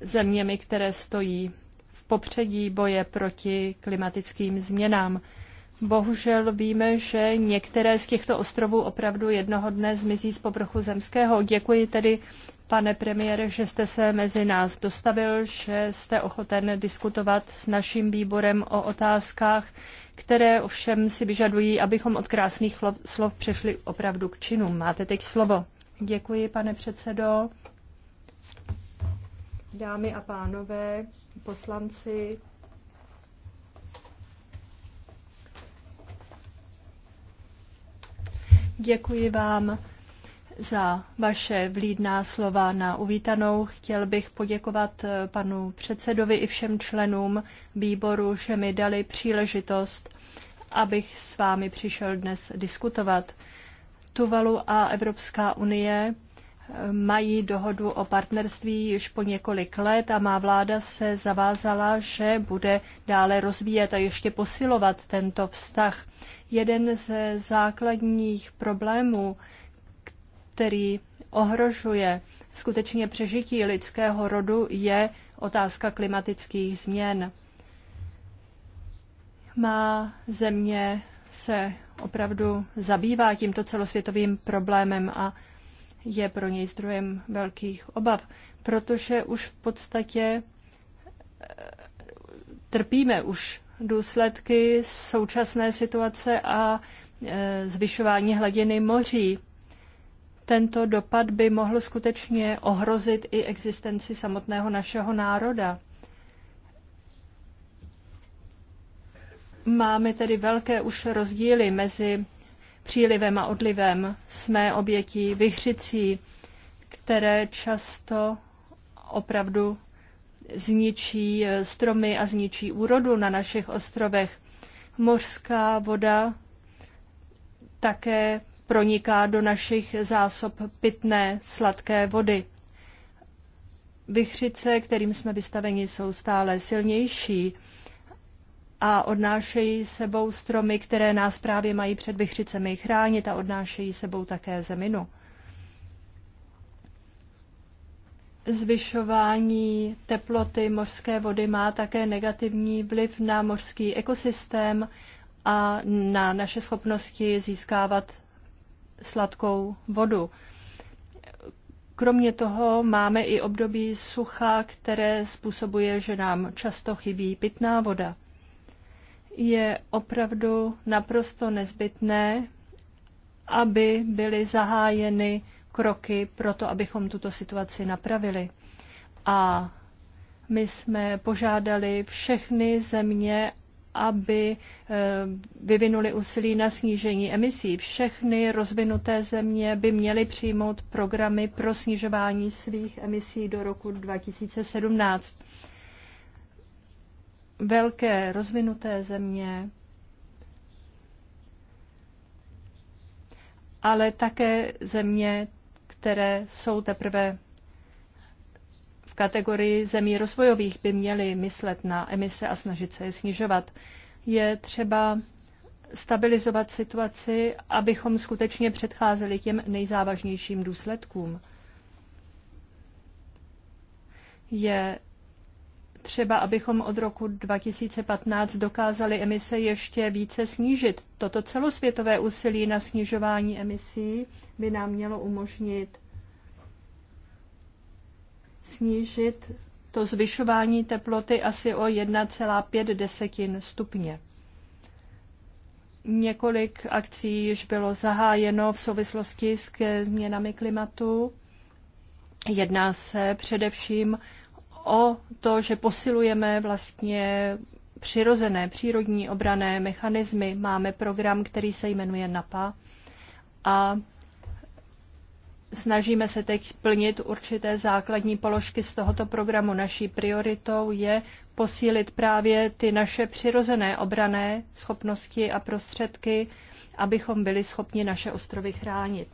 zeměmi, které stojí v popředí boje proti klimatickým změnám. Bohužel víme, že některé z těchto ostrovů opravdu jednoho dne zmizí z povrchu zemského. Děkuji tedy pane premiére, že jste se mezi nás dostavil, že jste ochoten diskutovat s naším výborem o otázkách, které ovšem si vyžadují, abychom od krásných slov přešli opravdu k činům. Máte teď slovo. Děkuji, pane předsedo. Dámy a pánové, poslanci, děkuji vám za vaše vlídná slova na uvítanou. Chtěl bych poděkovat eh, panu předsedovi i všem členům výboru, že mi dali příležitost, abych s vámi přišel dnes diskutovat. Tuvalu a Evropská unie eh, mají dohodu o partnerství již po několik let a má vláda se zavázala, že bude dále rozvíjet a ještě posilovat tento vztah. Jeden ze základních problémů který ohrožuje skutečně přežití lidského rodu, je otázka klimatických změn. Má země se opravdu zabývá tímto celosvětovým problémem a je pro něj zdrojem velkých obav, protože už v podstatě eh, trpíme už důsledky současné situace a eh, zvyšování hladiny moří. Tento dopad by mohl skutečně ohrozit i existenci samotného našeho národa. Máme tedy velké už rozdíly mezi přílivem a odlivem. Jsme obětí vyhřicí, které často opravdu zničí stromy a zničí úrodu na našich ostrovech. Mořská voda také proniká do našich zásob pitné sladké vody. Vychřice, kterým jsme vystaveni, jsou stále silnější a odnášejí sebou stromy, které nás právě mají před vychřicemi chránit a odnášejí sebou také zeminu. Zvyšování teploty mořské vody má také negativní vliv na mořský ekosystém a na naše schopnosti získávat sladkou vodu. Kromě toho máme i období sucha, které způsobuje, že nám často chybí pitná voda. Je opravdu naprosto nezbytné, aby byly zahájeny kroky pro to, abychom tuto situaci napravili. A my jsme požádali všechny země, aby eh, vyvinuli úsilí na snížení emisí. Všechny rozvinuté země by měly přijmout programy pro snižování svých emisí do roku 2017. Velké rozvinuté země ale také země, které jsou teprve kategorii zemí rozvojových by měly myslet na emise a snažit se je snižovat. Je třeba stabilizovat situaci, abychom skutečně předcházeli těm nejzávažnějším důsledkům. Je třeba, abychom od roku 2015 dokázali emise ještě více snížit. Toto celosvětové úsilí na snižování emisí by nám mělo umožnit snížit to zvyšování teploty asi o 1,5 desetin stupně. Několik akcí již bylo zahájeno v souvislosti s změnami klimatu. Jedná se především o to, že posilujeme vlastně přirozené přírodní obrané mechanismy. Máme program, který se jmenuje NAPA a Snažíme se teď plnit určité základní položky z tohoto programu. Naší prioritou je posílit právě ty naše přirozené obrané schopnosti a prostředky, abychom byli schopni naše ostrovy chránit.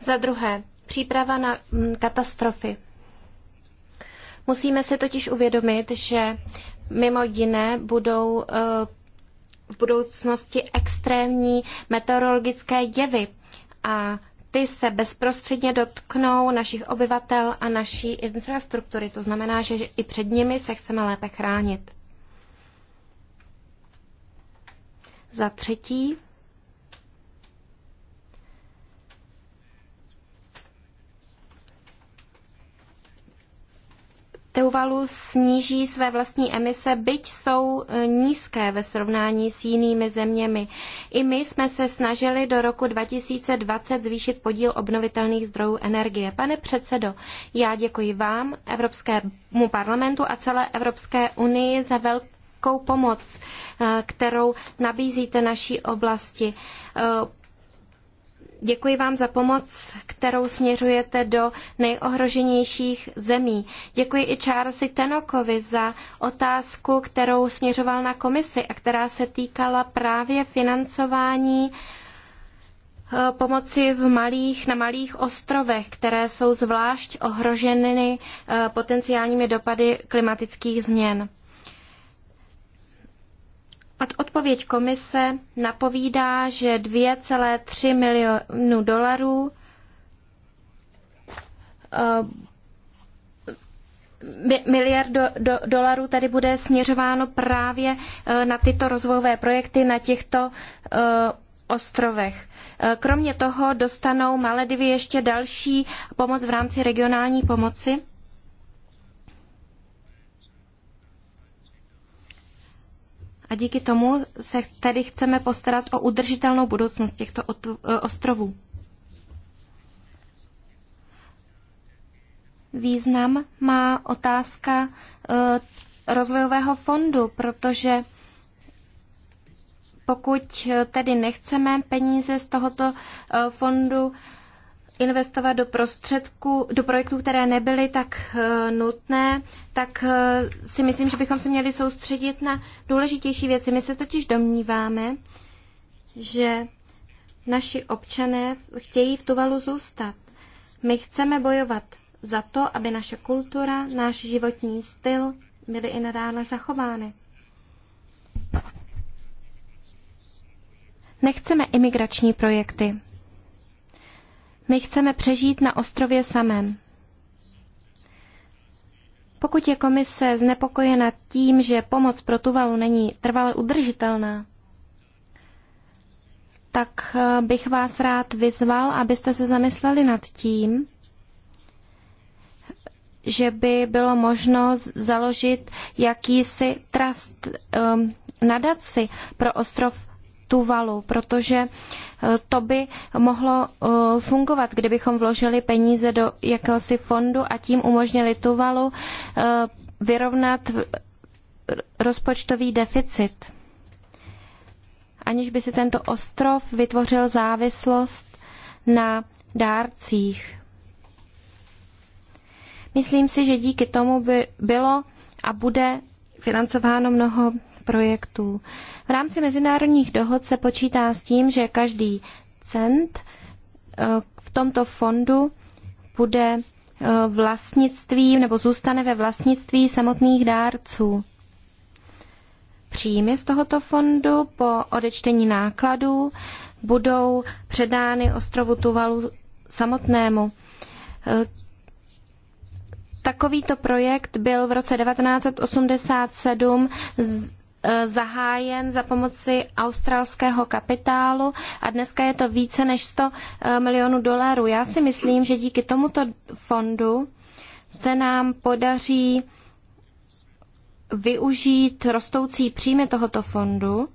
Za druhé, příprava na mm, katastrofy. Musíme se totiž uvědomit, že mimo jiné budou eh, v budoucnosti extrémní meteorologické jevy a ty se bezprostředně dotknou našich obyvatel a naší infrastruktury. To znamená, že i před nimi se chceme lépe chránit. Za třetí, Tuvalu sníží své vlastní emise, byť jsou e, nízké ve srovnání s jinými zeměmi. I my jsme se snažili do roku 2020 zvýšit podíl obnovitelných zdrojů energie. Pane předsedo, já děkuji vám, Evropskému parlamentu a celé Evropské unii za velkou pomoc, e, kterou nabízíte naší oblasti. E, Děkuji vám za pomoc, kterou směřujete do nejohroženějších zemí. Děkuji i Charlesi Tenokovi za otázku, kterou směřoval na komisi a která se týkala právě financování eh, pomoci v malých, na malých ostrovech, které jsou zvlášť ohroženy eh, potenciálními dopady klimatických změn. A Odpověď komise napovídá, že 2,3 milionu dolarů eh, miliard do, do, dolarů tady bude směřováno právě eh, na tyto rozvojové projekty na těchto eh, ostrovech. Kromě toho dostanou Maledivy ještě další pomoc v rámci regionální pomoci. A díky tomu se tedy chceme postarat o udržitelnou budoucnost těchto eh, ostrovů. Význam má otázka eh, rozvojového fondu, protože pokud eh, tedy nechceme peníze z tohoto fondu investovat do prostředků, do projektů, které nebyly tak eh, nutné, tak eh, si myslím, že bychom se měli soustředit na důležitější věci. My se totiž domníváme, že naši občané chtějí v Tuvalu zůstat. My chceme bojovat za to, aby naše kultura, náš životní styl byly i nadále zachovány. Nechceme imigrační projekty. My chceme přežít na ostrově samém. Pokud je komise znepokojena tím, že pomoc pro Tuvalu není trvale udržitelná, tak eh, bych vás rád vyzval, abyste se zamysleli nad tím, že by bylo možno založit jakýsi trust um, nadaci pro ostrov Tuvalu, protože eh, to by mohlo eh, fungovat, kdybychom vložili peníze do jakéhosi fondu a tím umožnili Tuvalu eh, vyrovnat rozpočtový deficit, aniž by si tento ostrov vytvořil závislost na dárcích. Myslím si, že díky tomu by bylo a bude financováno mnoho projektů. V rámci mezinárodních dohod se počítá s tím, že každý cent eh, v tomto fondu bude eh, vlastnictvím nebo zůstane ve vlastnictví samotných dárců. Příjmy z tohoto fondu po odečtení nákladů budou předány ostrovu Tuvalu samotnému. Eh, takovýto projekt byl v roce 1987 Eh, zahájen za pomoci australského kapitálu a dneska je to více než 100 eh, milionů dolarů. Já si myslím, že díky tomuto fondu se nám podaří využít rostoucí příjmy tohoto fondu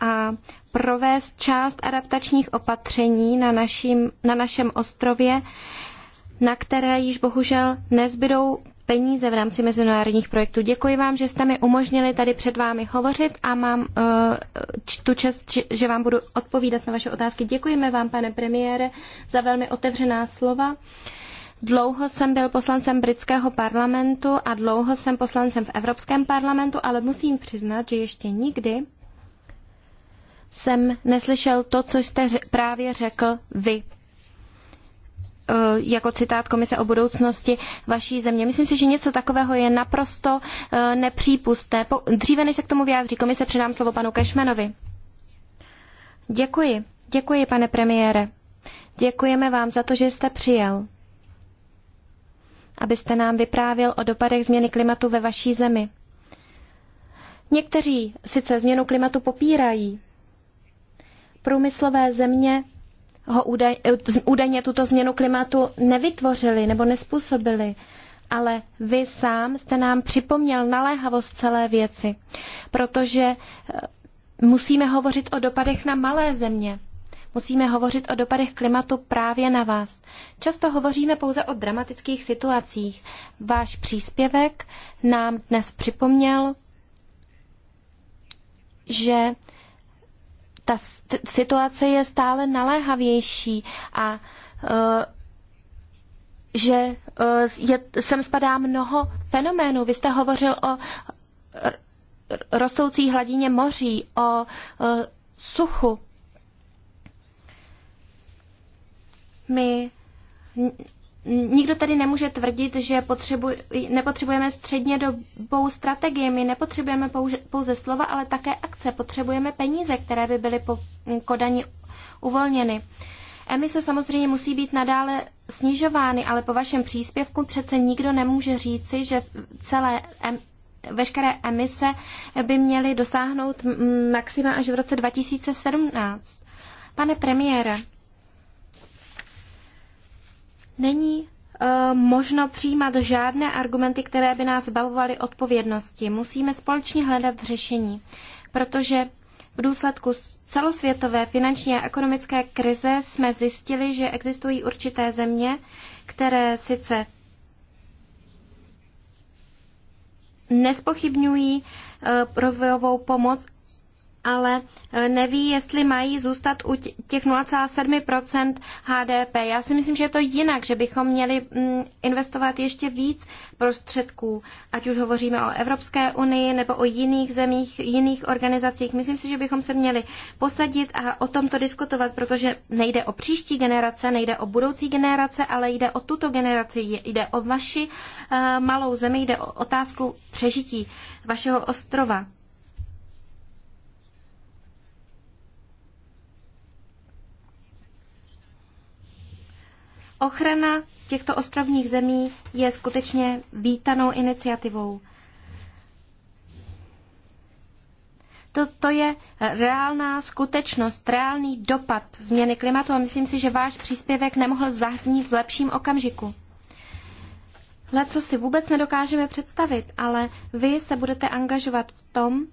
a provést část adaptačních opatření na, našim, na našem ostrově, na které již bohužel nezbydou peníze v rámci mezinárodních projektů. Děkuji vám, že jste mi umožnili tady před vámi hovořit a mám uh, tu čest, že vám budu odpovídat na vaše otázky. Děkujeme vám, pane premiére, za velmi otevřená slova. Dlouho jsem byl poslancem britského parlamentu a dlouho jsem poslancem v Evropském parlamentu, ale musím přiznat, že ještě nikdy jsem neslyšel to, co jste právě řekl vy, Eh, jako citát Komise o budoucnosti vaší země. Myslím si, že něco takového je naprosto eh, nepřípustné. Dříve, než se k tomu vyjádří Komise, předám slovo panu Kešmenovi. Děkuji. Děkuji, pane premiére. Děkujeme vám za to, že jste přijel. Abyste nám vyprávěl o dopadech změny klimatu ve vaší zemi. Někteří sice změnu klimatu popírají. Průmyslové země ho údaj, eh, údajně tuto změnu klimatu nevytvořili nebo nespůsobili, ale vy sám jste nám připomněl naléhavost celé věci, protože eh, musíme hovořit o dopadech na malé země. Musíme hovořit o dopadech klimatu právě na vás. Často hovoříme pouze o dramatických situacích. Váš příspěvek nám dnes připomněl, že ta situace je stále naléhavější a eh, že eh, je, sem spadá mnoho fenoménů. Vy jste hovořil o rostoucí hladině moří, o eh, suchu. My Nikdo tady nemůže tvrdit, že potřebuj, nepotřebujeme dobou strategie, My nepotřebujeme pouze, pouze slova, ale také akce. Potřebujeme peníze, které by byly po Kodani uvolněny. Emise samozřejmě musí být nadále snižovány, ale po vašem příspěvku přece nikdo nemůže říci, že celé em, veškeré emise by měly dosáhnout maxima až v roce 2017. Pane premiére, není eh, možno přijímat žádné argumenty, které by nás zbavovaly odpovědnosti. Musíme společně hledat řešení, protože v důsledku celosvětové finanční a ekonomické krize jsme zjistili, že existují určité země, které sice nespochybňují eh, rozvojovou pomoc, ale e, neví, jestli mají zůstat u těch 0,7 HDP. Já si myslím, že je to jinak, že bychom měli mm, investovat ještě víc prostředků, ať už hovoříme o Evropské unii nebo o jiných zemích, jiných organizacích. Myslím si, že bychom se měli posadit a o tomto diskutovat, protože nejde o příští generace, nejde o budoucí generace, ale jde o tuto generaci, jde o vaši e, malou zemi, jde o otázku přežití vašeho ostrova. Ochrana těchto ostrovních zemí je skutečně vítanou iniciativou. To, to je reálná skutečnost, reálný dopad změny klimatu a myslím si, že váš příspěvek nemohl zaznít v lepším okamžiku. Hle, co si vůbec nedokážeme představit, ale vy se budete angažovat v tom,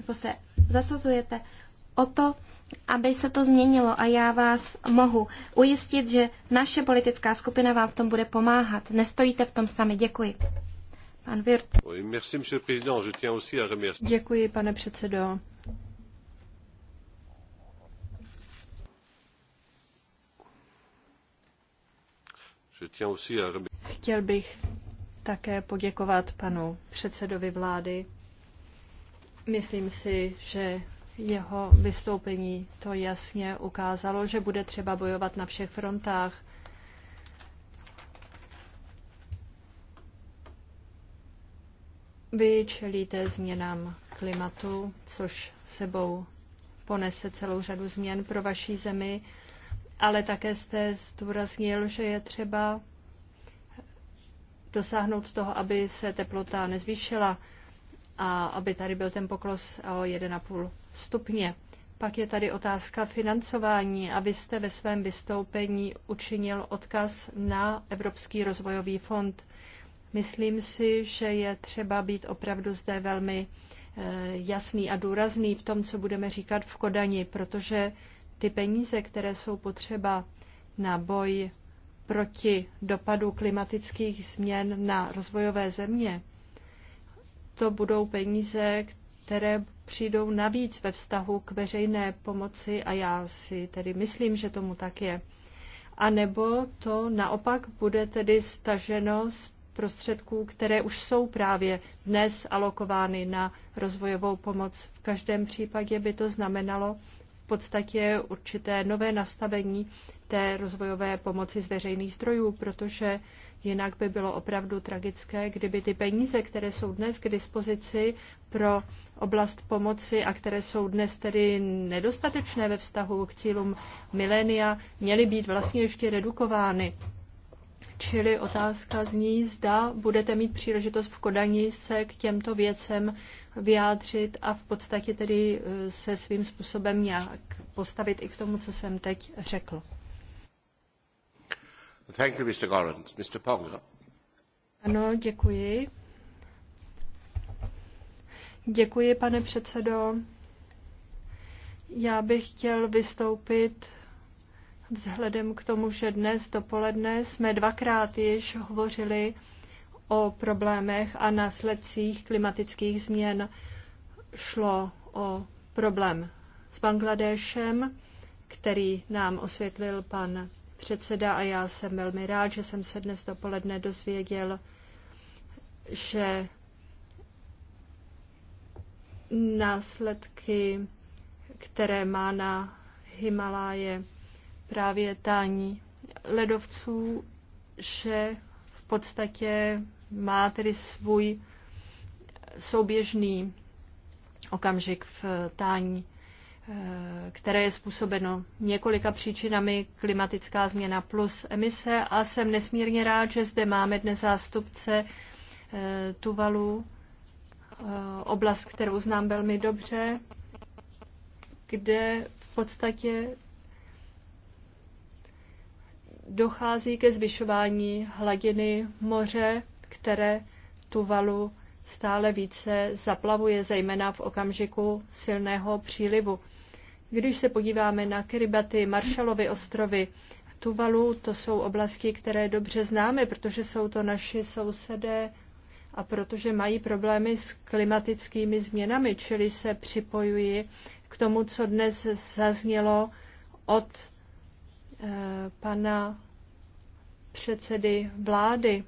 nebo se zasazujete o to, aby se to změnilo a já vás mohu ujistit, že naše politická skupina vám v tom bude pomáhat. Nestojíte v tom sami. Děkuji. Pan Wirt. Děkuji, pane předsedo. Chtěl bych také poděkovat panu předsedovi vlády. Myslím si, že jeho vystoupení to jasně ukázalo, že bude třeba bojovat na všech frontách. Vy čelíte změnám klimatu, což sebou ponese celou řadu změn pro vaší zemi, ale také jste zdůraznil, že je třeba dosáhnout toho, aby se teplota nezvýšila a aby tady byl ten pokles o 1,5 stupně. Pak je tady otázka financování a vy jste ve svém vystoupení učinil odkaz na Evropský rozvojový fond. Myslím si, že je třeba být opravdu zde velmi eh, jasný a důrazný v tom, co budeme říkat v Kodani, protože ty peníze, které jsou potřeba na boj proti dopadu klimatických změn na rozvojové země, to budou peníze, které přijdou navíc ve vztahu k veřejné pomoci a já si tedy myslím, že tomu tak je. A nebo to naopak bude tedy staženo z prostředků, které už jsou právě dnes alokovány na rozvojovou pomoc. V každém případě by to znamenalo v podstatě určité nové nastavení té rozvojové pomoci z veřejných zdrojů, protože Jinak by bylo opravdu tragické, kdyby ty peníze, které jsou dnes k dispozici pro oblast pomoci a které jsou dnes tedy nedostatečné ve vztahu k cílům milénia, měly být vlastně ještě redukovány. Čili otázka zní, zda budete mít příležitost v Kodani se k těmto věcem vyjádřit a v podstatě tedy eh, se svým způsobem nějak postavit i k tomu, co jsem teď řekl. Thank you, Mr. Gorans. Mr. Ponga. Ano, děkuji. Děkuji, pane předsedo. Já bych chtěl vystoupit vzhledem k tomu, že dnes dopoledne jsme dvakrát již hovořili o problémech a následcích klimatických změn. Šlo o problém s Bangladešem, který nám osvětlil pan předseda, a já jsem velmi rád, že jsem se dnes dopoledne dozvěděl, že následky, které má na Himaláje právě tání ledovců, že v podstatě má tedy svůj souběžný okamžik v tání které je způsobeno několika příčinami, klimatická změna plus emise a jsem nesmírně rád, že zde máme dnes zástupce eh, Tuvalu, eh, oblast, kterou znám velmi dobře, kde v podstatě dochází ke zvyšování hladiny moře, které Tuvalu stále více zaplavuje, zejména v okamžiku silného přílivu. Když se podíváme na Kiribati, Maršalovy ostrovy, Tuvalu, to jsou oblasti, které dobře známe, protože jsou to naši sousedé a protože mají problémy s klimatickými změnami, čili se připojuji k tomu, co dnes zaznělo od eh, pana předsedy vlády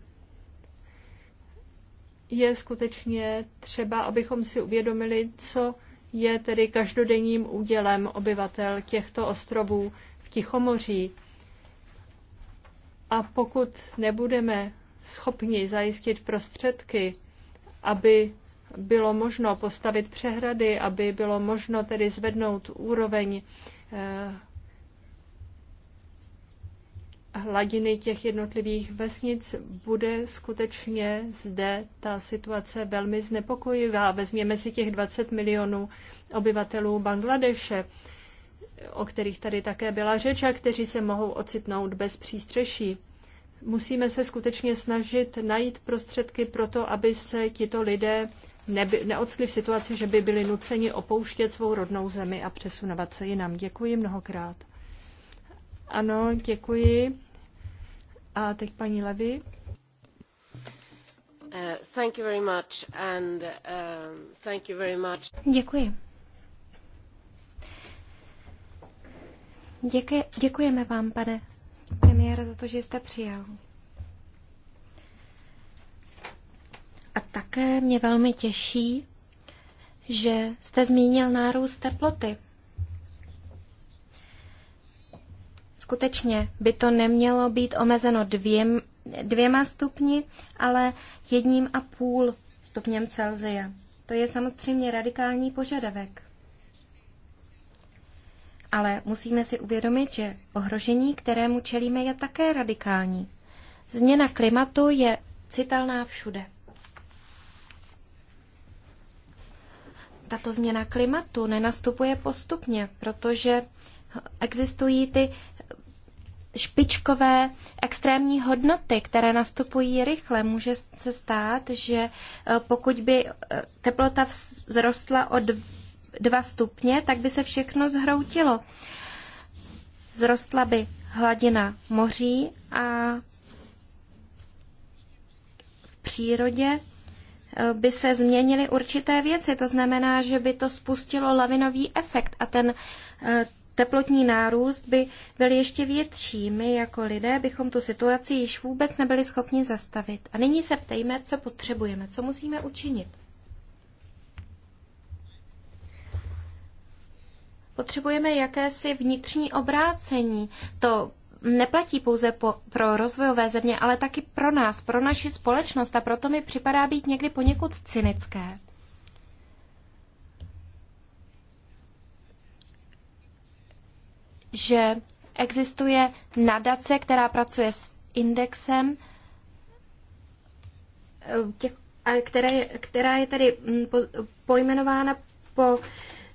je skutečně třeba, abychom si uvědomili, co je tedy každodenním údělem obyvatel těchto ostrovů v Tichomoří. A pokud nebudeme schopni zajistit prostředky, aby bylo možno postavit přehrady, aby bylo možno tedy zvednout úroveň eh, hladiny těch jednotlivých vesnic bude skutečně zde ta situace velmi znepokojivá. Vezměme si těch 20 milionů obyvatelů Bangladeše, o kterých tady také byla řeč a kteří se mohou ocitnout bez přístřeší. Musíme se skutečně snažit najít prostředky pro to, aby se tito lidé neby, neocli v situaci, že by byli nuceni opouštět svou rodnou zemi a přesunovat se jinam. Děkuji mnohokrát. Ano, děkuji. A teď paní Levy. Uh, thank you very much and uh, thank you very much. Děkuji. Děkuji, děkujeme vám, pane premiére, za to, že jste přijal. A také mě velmi těší, že jste zmínil nárůst teploty. skutečně by to nemělo být omezeno dvěm, dvěma stupni, ale jedním a půl stupněm Celzia. To je samozřejmě radikální požadavek. Ale musíme si uvědomit, že ohrožení, kterému čelíme, je také radikální. Změna klimatu je citelná všude. Tato změna klimatu nenastupuje postupně, protože existují ty špičkové extrémní hodnoty, které nastupují rychle. Může se stát, že e, pokud by e, teplota vzrostla o 2 stupně, tak by se všechno zhroutilo. Zrostla by hladina moří a v přírodě e, by se změnily určité věci. To znamená, že by to spustilo lavinový efekt a ten teplotní nárůst by byl ještě větší. My jako lidé bychom tu situaci již vůbec nebyli schopni zastavit. A nyní se ptejme, co potřebujeme, co musíme učinit. Potřebujeme jakési vnitřní obrácení. To neplatí pouze po, pro rozvojové země, ale taky pro nás, pro naši společnost a proto mi připadá být někdy poněkud cynické že existuje nadace, která pracuje s indexem, eh, těch, která, je, která je tedy mm, pojmenována po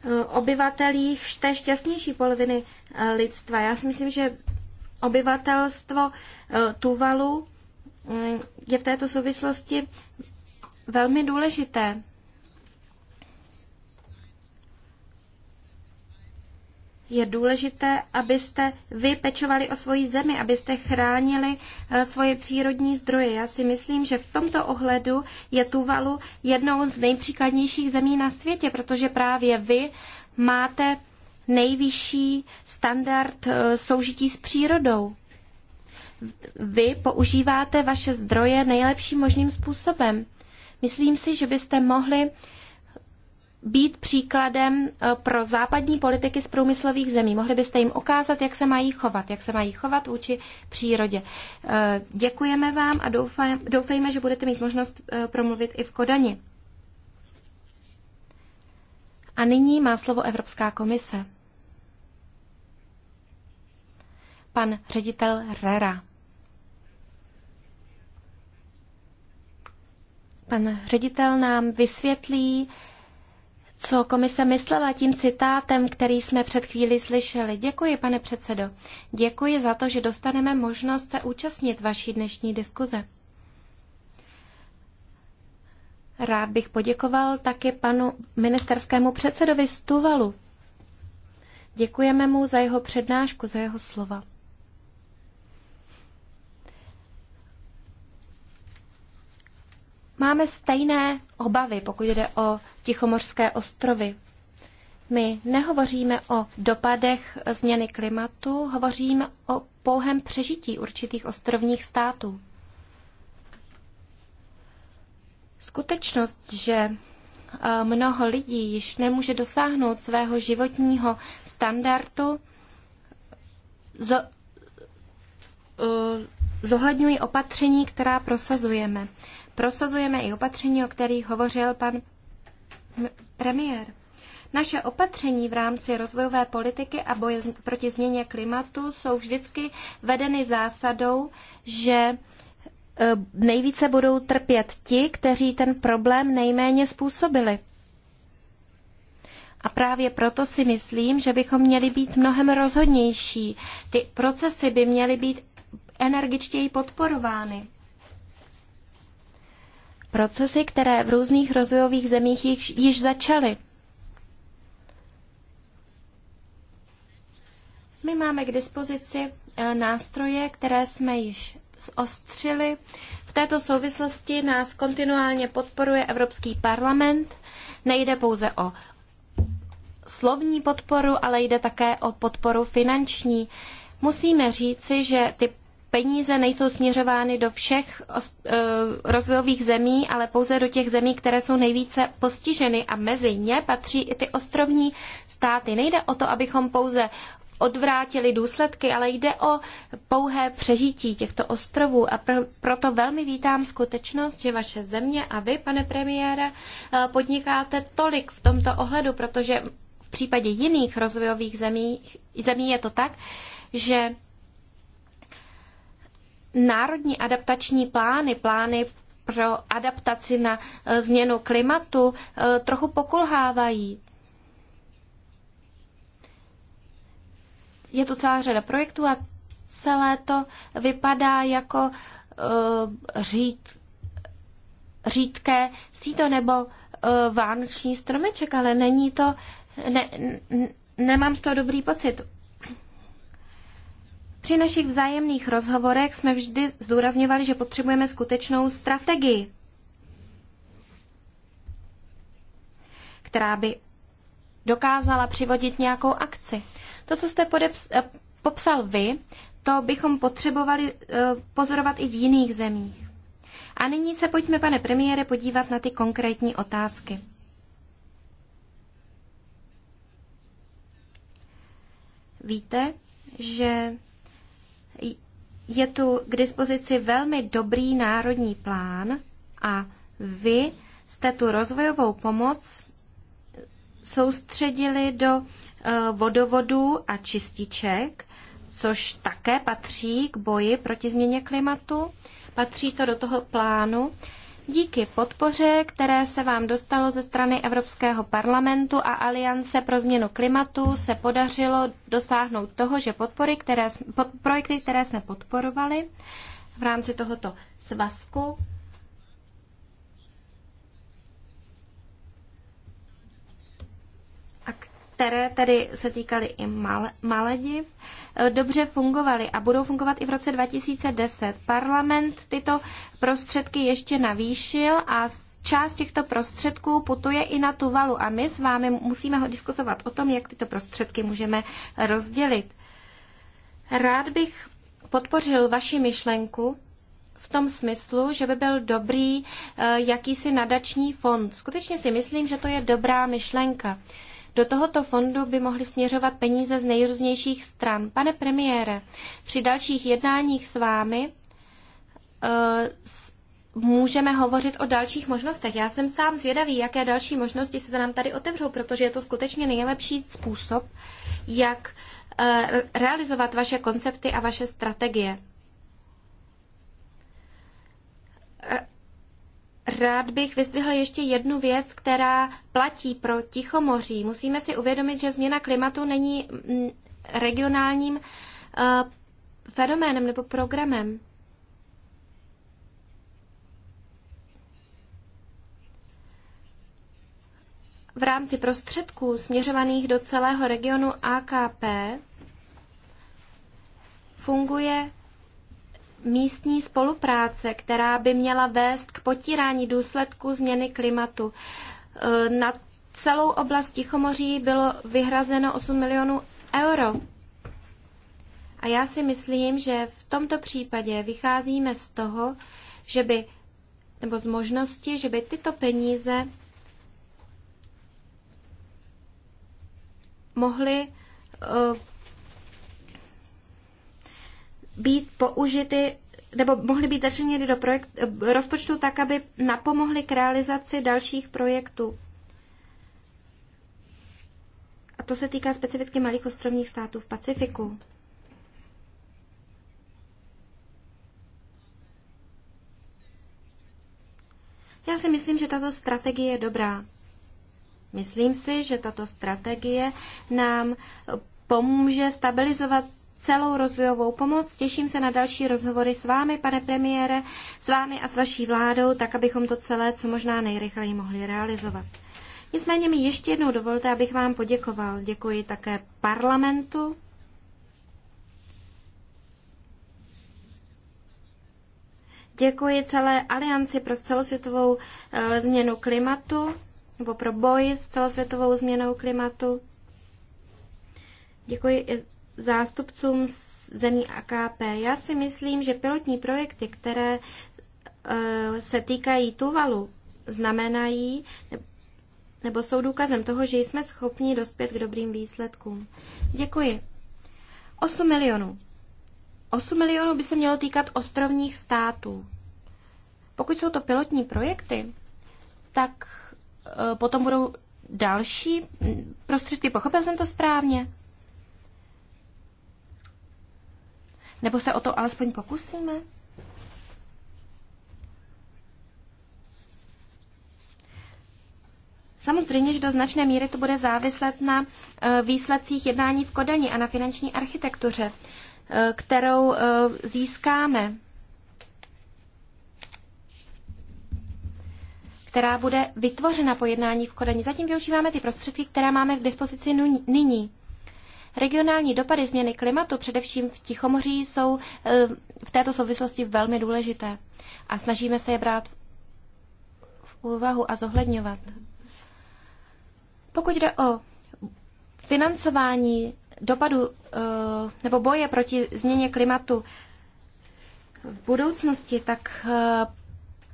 eh, obyvatelích té šťastnější poloviny eh, lidstva. Já si myslím, že obyvatelstvo Tuvalu mm, je v této souvislosti velmi důležité. je důležité, abyste vy pečovali o svoji zemi, abyste chránili eh, svoje přírodní zdroje. Já si myslím, že v tomto ohledu je Tuvalu jednou z nejpříkladnějších zemí na světě, protože právě vy máte nejvyšší standard eh, soužití s přírodou. Vy používáte vaše zdroje nejlepším možným způsobem. Myslím si, že byste mohli být příkladem eh, pro západní politiky z průmyslových zemí. Mohli byste jim ukázat, jak se mají chovat, jak se mají chovat vůči přírodě. Eh, děkujeme vám a doufaj, doufejme, že budete mít možnost eh, promluvit i v Kodani. A nyní má slovo Evropská komise. Pan ředitel Rera. Pan ředitel nám vysvětlí, co komise myslela tím citátem, který jsme před chvílí slyšeli. Děkuji, pane předsedo. Děkuji za to, že dostaneme možnost se účastnit vaší dnešní diskuze. Rád bych poděkoval taky panu ministerskému předsedovi Stuvalu. Děkujeme mu za jeho přednášku, za jeho slova. Máme stejné obavy, pokud jde o Tichomořské ostrovy. My nehovoříme o dopadech změny klimatu, hovoříme o pouhém přežití určitých ostrovních států. Skutečnost, že eh, mnoho lidí již nemůže dosáhnout svého životního standardu, eh, zohledňují opatření, která prosazujeme. Prosazujeme i opatření, o kterých hovořil pan premiér. Naše opatření v rámci rozvojové politiky a boje proti změně klimatu jsou vždycky vedeny zásadou, že e, nejvíce budou trpět ti, kteří ten problém nejméně způsobili. A právě proto si myslím, že bychom měli být mnohem rozhodnější. Ty procesy by měly být energičtěji podporovány procesy, které v různých rozvojových zemích již, již začaly. My máme k dispozici eh, nástroje, které jsme již zostřili. V této souvislosti nás kontinuálně podporuje Evropský parlament. Nejde pouze o slovní podporu, ale jde také o podporu finanční. Musíme říci, že ty peníze nejsou směřovány do všech eh, rozvojových zemí, ale pouze do těch zemí, které jsou nejvíce postiženy a mezi ně patří i ty ostrovní státy. Nejde o to, abychom pouze odvrátili důsledky, ale jde o pouhé přežití těchto ostrovů a pr- proto velmi vítám skutečnost, že vaše země a vy, pane premiére, eh, podnikáte tolik v tomto ohledu, protože v případě jiných rozvojových zemí, zemí je to tak, že národní adaptační plány, plány pro adaptaci na eh, změnu klimatu eh, trochu pokulhávají. Je tu celá řada projektů a celé to vypadá jako eh, řít, řídké síto nebo vánoční stromeček, ale není to, ne, nemám z toho dobrý pocit. Při našich vzájemných rozhovorech jsme vždy zdůrazňovali, že potřebujeme skutečnou strategii, která by dokázala přivodit nějakou akci. To, co jste podeps- eh, popsal vy, to bychom potřebovali eh, pozorovat i v jiných zemích. A nyní se pojďme, pane premiére, podívat na ty konkrétní otázky. Víte, že je tu k dispozici velmi dobrý národní plán a vy jste tu rozvojovou pomoc soustředili do eh, vodovodů a čističek, což také patří k boji proti změně klimatu. Patří to do toho plánu. Díky podpoře, které se vám dostalo ze strany Evropského parlamentu a Aliance pro změnu klimatu, se podařilo dosáhnout toho, že podpory, které, pod, projekty, které jsme podporovali v rámci tohoto svazku, které tedy se týkaly i Malediv, eh, dobře fungovaly a budou fungovat i v roce 2010. Parlament tyto prostředky ještě navýšil a část těchto prostředků putuje i na Tuvalu a my s vámi musíme ho diskutovat o tom, jak tyto prostředky můžeme rozdělit. Rád bych podpořil vaši myšlenku, v tom smyslu, že by byl dobrý eh, jakýsi nadační fond. Skutečně si myslím, že to je dobrá myšlenka. Do tohoto fondu by mohly směřovat peníze z nejrůznějších stran. Pane premiére, při dalších jednáních s vámi uh, můžeme hovořit o dalších možnostech. Já jsem sám zvědavý, jaké další možnosti se nám tady otevřou, protože je to skutečně nejlepší způsob, jak uh, realizovat vaše koncepty a vaše strategie. Uh, Rád bych vyzdvihl ještě jednu věc, která platí pro Tichomoří. Musíme si uvědomit, že změna klimatu není mm, regionálním uh, fenoménem nebo programem. V rámci prostředků směřovaných do celého regionu AKP funguje místní spolupráce, která by měla vést k potírání důsledků změny klimatu. E, na celou oblast Tichomoří bylo vyhrazeno 8 milionů euro. A já si myslím, že v tomto případě vycházíme z toho, že by, nebo z možnosti, že by tyto peníze mohly e, být použity nebo mohly být začleněny do projekt, rozpočtu tak, aby napomohly k realizaci dalších projektů. A to se týká specificky malých ostrovních států v Pacifiku. Já si myslím, že tato strategie je dobrá. Myslím si, že tato strategie nám pomůže stabilizovat celou rozvojovou pomoc. Těším se na další rozhovory s vámi, pane premiére, s vámi a s vaší vládou, tak abychom to celé co možná nejrychleji mohli realizovat. Nicméně mi ještě jednou dovolte, abych vám poděkoval. Děkuji také parlamentu. Děkuji celé alianci pro celosvětovou eh, změnu klimatu nebo pro boj s celosvětovou změnou klimatu. Děkuji i zástupcům zemí AKP. Já si myslím, že pilotní projekty, které e, se týkají Tuvalu, znamenají nebo jsou důkazem toho, že jsme schopni dospět k dobrým výsledkům. Děkuji. 8 milionů. 8 milionů by se mělo týkat ostrovních států. Pokud jsou to pilotní projekty, tak e, potom budou další prostředky. Pochopil jsem to správně? Nebo se o to alespoň pokusíme? Samozřejmě, že do značné míry to bude záviset na eh, výsledcích jednání v Kodani a na finanční architektuře, eh, kterou eh, získáme, která bude vytvořena po jednání v Kodani. Zatím využíváme ty prostředky, které máme k dispozici nyní. Regionální dopady změny klimatu, především v Tichomoří, jsou eh, v této souvislosti velmi důležité a snažíme se je brát v úvahu a zohledňovat. Pokud jde o financování dopadu eh, nebo boje proti změně klimatu v budoucnosti, tak eh,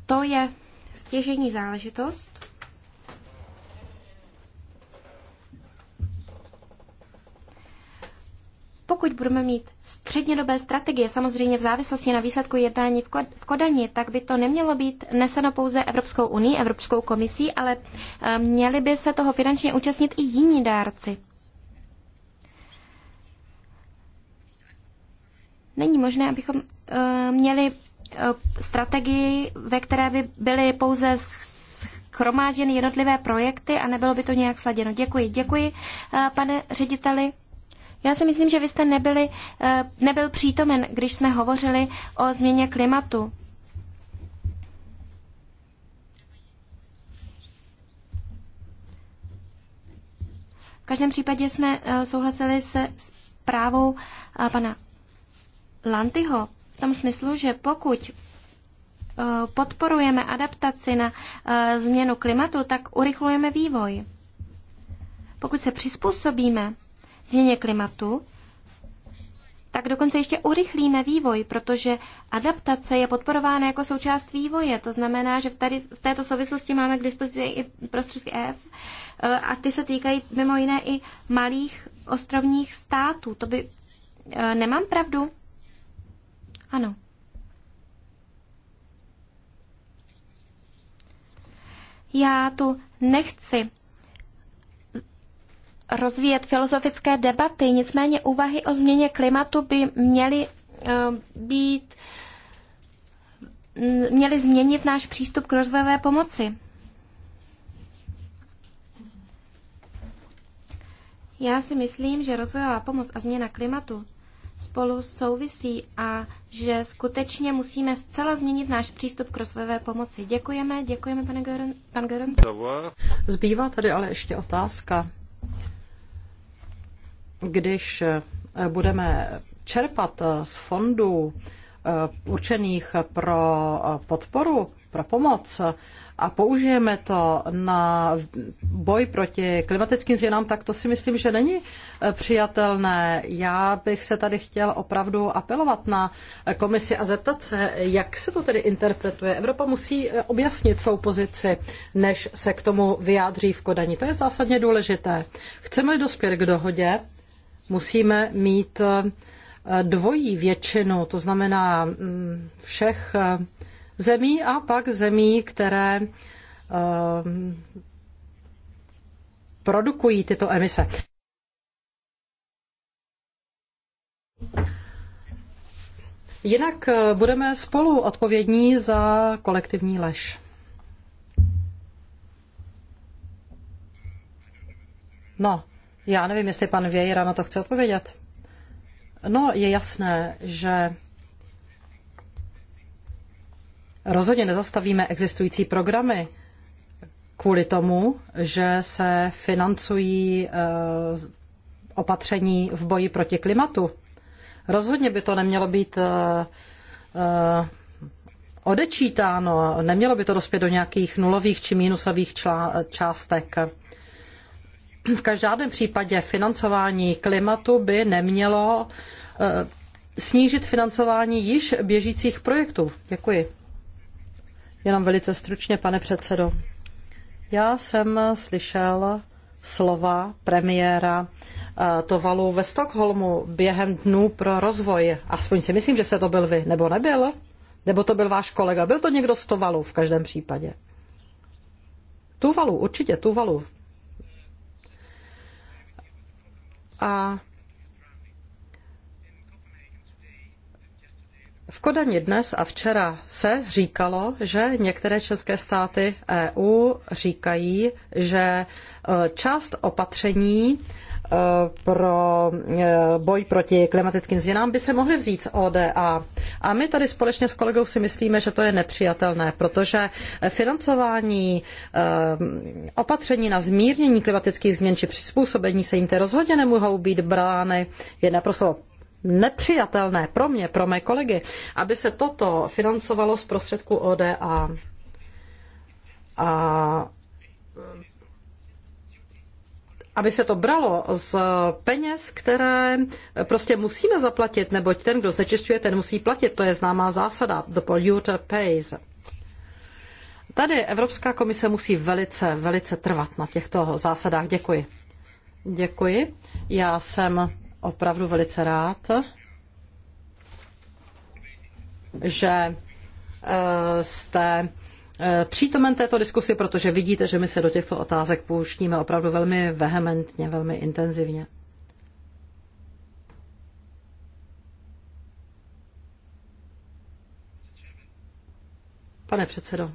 to je stěžení záležitost. Pokud budeme mít střednědobé strategie, samozřejmě v závislosti na výsledku jednání v Kodani, tak by to nemělo být neseno pouze Evropskou unii, Evropskou komisí, ale eh, měli by se toho finančně účastnit i jiní dárci. Není možné, abychom eh, měli eh, strategii, ve které by byly pouze schromážděny jednotlivé projekty a nebylo by to nějak sladěno. Děkuji, děkuji, pane řediteli. Já si myslím, že vy jste nebyli, eh, nebyl přítomen, když jsme hovořili o změně klimatu. V každém případě jsme eh, souhlasili se právou eh, pana Lantyho v tom smyslu, že pokud podporujeme adaptaci na změnu klimatu, tak urychlujeme vývoj. Pokud se přizpůsobíme změně klimatu, tak dokonce ještě urychlíme vývoj, protože adaptace je podporována jako součást vývoje. To znamená, že tady v této souvislosti máme k dispozici i prostředky EF eh, a ty se týkají mimo jiné i malých ostrovních států. To by... Eh, nemám pravdu? Ano. Já tu nechci rozvíjet filozofické debaty, nicméně úvahy o změně klimatu by měly eh, být měly změnit náš přístup k rozvojové pomoci. Já si myslím, že rozvojová pomoc a změna klimatu spolu souvisí a že skutečně musíme zcela změnit náš přístup k rozvojové pomoci. Děkujeme, děkujeme, pane Geron. pan Zbývá tady ale ještě otázka když eh, budeme čerpat eh, z fondů eh, určených pro podporu, pro pomoc a použijeme to na boj proti klimatickým změnám, tak to si myslím, že není přijatelné. Já bych se tady chtěl opravdu apelovat na komisi a zeptat se, jak se to tedy interpretuje. Evropa musí objasnit svou pozici, než se k tomu vyjádří v Kodani. To je zásadně důležité. Chceme-li dospět k dohodě, musíme mít eh, dvojí většinu, to znamená mm, všech eh, zemí a pak zemí, které eh, produkují tyto emise. Jinak budeme spolu odpovědní za kolektivní lež. No, já nevím, jestli pan Vějera na to chce odpovědět. No, je jasné, že rozhodně nezastavíme existující programy kvůli tomu, že se financují eh, opatření v boji proti klimatu. Rozhodně by to nemělo být eh, eh, odečítáno, nemělo by to dospět do nějakých nulových či mínusových částek v každém případě financování klimatu by nemělo eh, snížit financování již běžících projektů. Děkuji. Jenom velice stručně, pane předsedo. Já jsem slyšel slova premiéra eh, Tovalu ve Stockholmu během dnů pro rozvoj. Aspoň si myslím, že se to byl vy, nebo nebyl? Nebo to byl váš kolega? Byl to někdo z Tovalu v každém případě. Tuvalu, určitě Tuvalu, A v Kodani dnes a včera se říkalo, že některé české státy EU říkají, že e, část opatření Eh, pro eh, boj proti klimatickým změnám by se mohly vzít z ODA. A my tady společně s kolegou si myslíme, že to je nepřijatelné, protože financování eh, opatření na zmírnění klimatických změn či přizpůsobení se jim ty rozhodně nemohou být brány je naprosto nepřijatelné pro mě, pro mé kolegy, aby se toto financovalo z prostředku ODA. A aby se to bralo z peněz, které prostě musíme zaplatit, neboť ten, kdo znečišťuje, ten musí platit. To je známá zásada. The polluter pays. Tady Evropská komise musí velice, velice trvat na těchto zásadách. Děkuji. Děkuji. Já jsem opravdu velice rád, že eh, jste Eh, přítomen této diskusi, protože vidíte, že my se do těchto otázek pouštíme opravdu velmi vehementně, velmi intenzivně. Pane předsedo,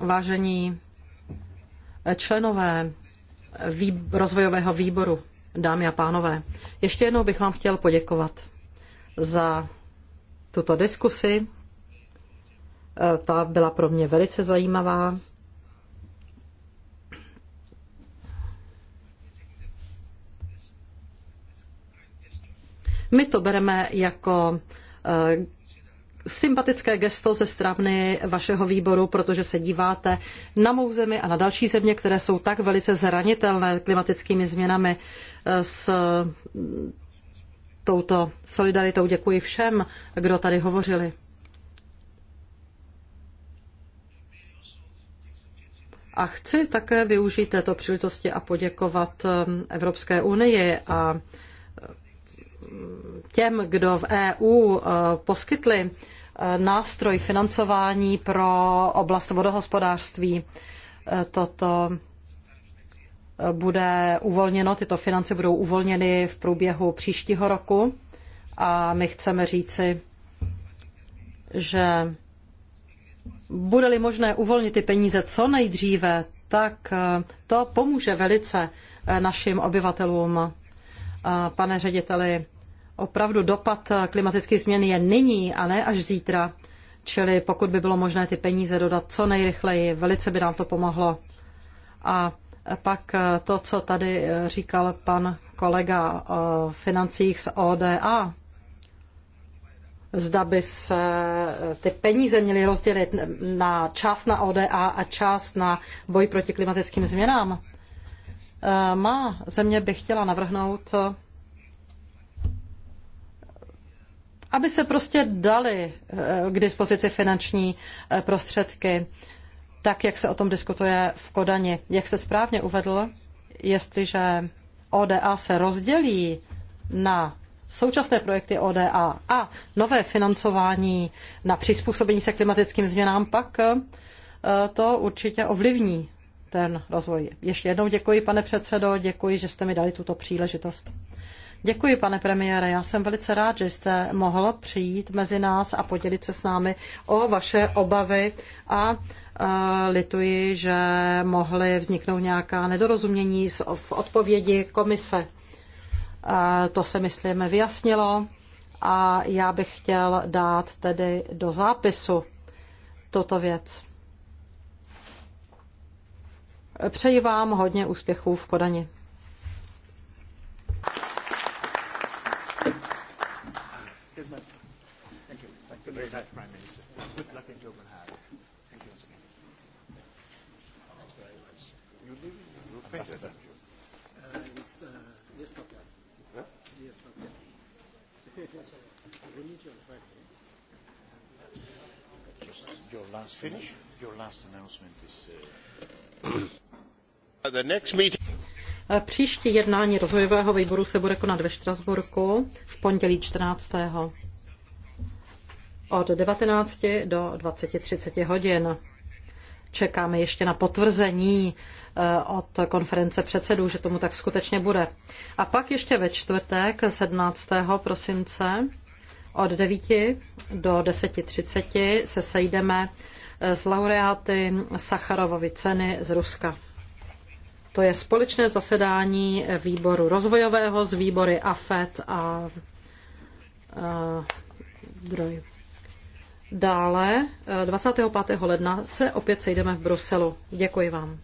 vážení členové rozvojového výboru, dámy a pánové, ještě jednou bych vám chtěl poděkovat za tuto diskusi, Eh, ta byla pro mě velice zajímavá. My to bereme jako eh, sympatické gesto ze strany vašeho výboru, protože se díváte na mou zemi a na další země, které jsou tak velice zranitelné klimatickými změnami eh, s touto solidaritou. Děkuji všem, kdo tady hovořili. A chci také využít této příležitosti a poděkovat um, Evropské unii a um, těm, kdo v EU uh, poskytli uh, nástroj financování pro oblast vodohospodářství. Uh, toto bude uvolněno, tyto finance budou uvolněny v průběhu příštího roku a my chceme říci, že bude-li možné uvolnit ty peníze co nejdříve, tak eh, to pomůže velice eh, našim obyvatelům. Eh, pane řediteli, opravdu dopad klimatických změn je nyní a ne až zítra. Čili pokud by bylo možné ty peníze dodat co nejrychleji, velice by nám to pomohlo. A pak to, co tady říkal pan kolega o financích z ODA, zda by se eh, ty peníze měly rozdělit na část na ODA a část na boj proti klimatickým změnám. Eh, má země by chtěla navrhnout, eh, aby se prostě dali k dispozici finanční prostředky, tak jak se o tom diskutuje v Kodani. Jak se správně uvedl, jestliže ODA se rozdělí na současné projekty ODA a nové financování na přizpůsobení se klimatickým změnám, pak eh, to určitě ovlivní ten rozvoj. Ještě jednou děkuji, pane předsedo, děkuji, že jste mi dali tuto příležitost. Děkuji, pane premiére. Já jsem velice rád, že jste mohl přijít mezi nás a podělit se s námi o vaše obavy a eh, lituji, že mohly vzniknout nějaká nedorozumění v odpovědi komise. To se, myslím, vyjasnilo a já bych chtěl dát tedy do zápisu tuto věc. Přeji vám hodně úspěchů v Kodani. last finish? Your last announcement is. Uh... The next meeting. Eh, příští jednání rozvojového výboru se bude konat ve Štrasburku v pondělí 14. od 19 do 20.30 hodin. Čekáme ještě na potvrzení eh, od konference předsedů, že tomu tak skutečně bude. A pak ještě ve čtvrtek 17. prosince od 9 do 10.30 se sejdeme eh, s laureáty Sacharovovy ceny z Ruska. To je společné zasedání výboru rozvojového z výbory AFET a, e a eh, droj. Dále 25. Eh, ledna se opět sejdeme v Bruselu. Děkuji vám.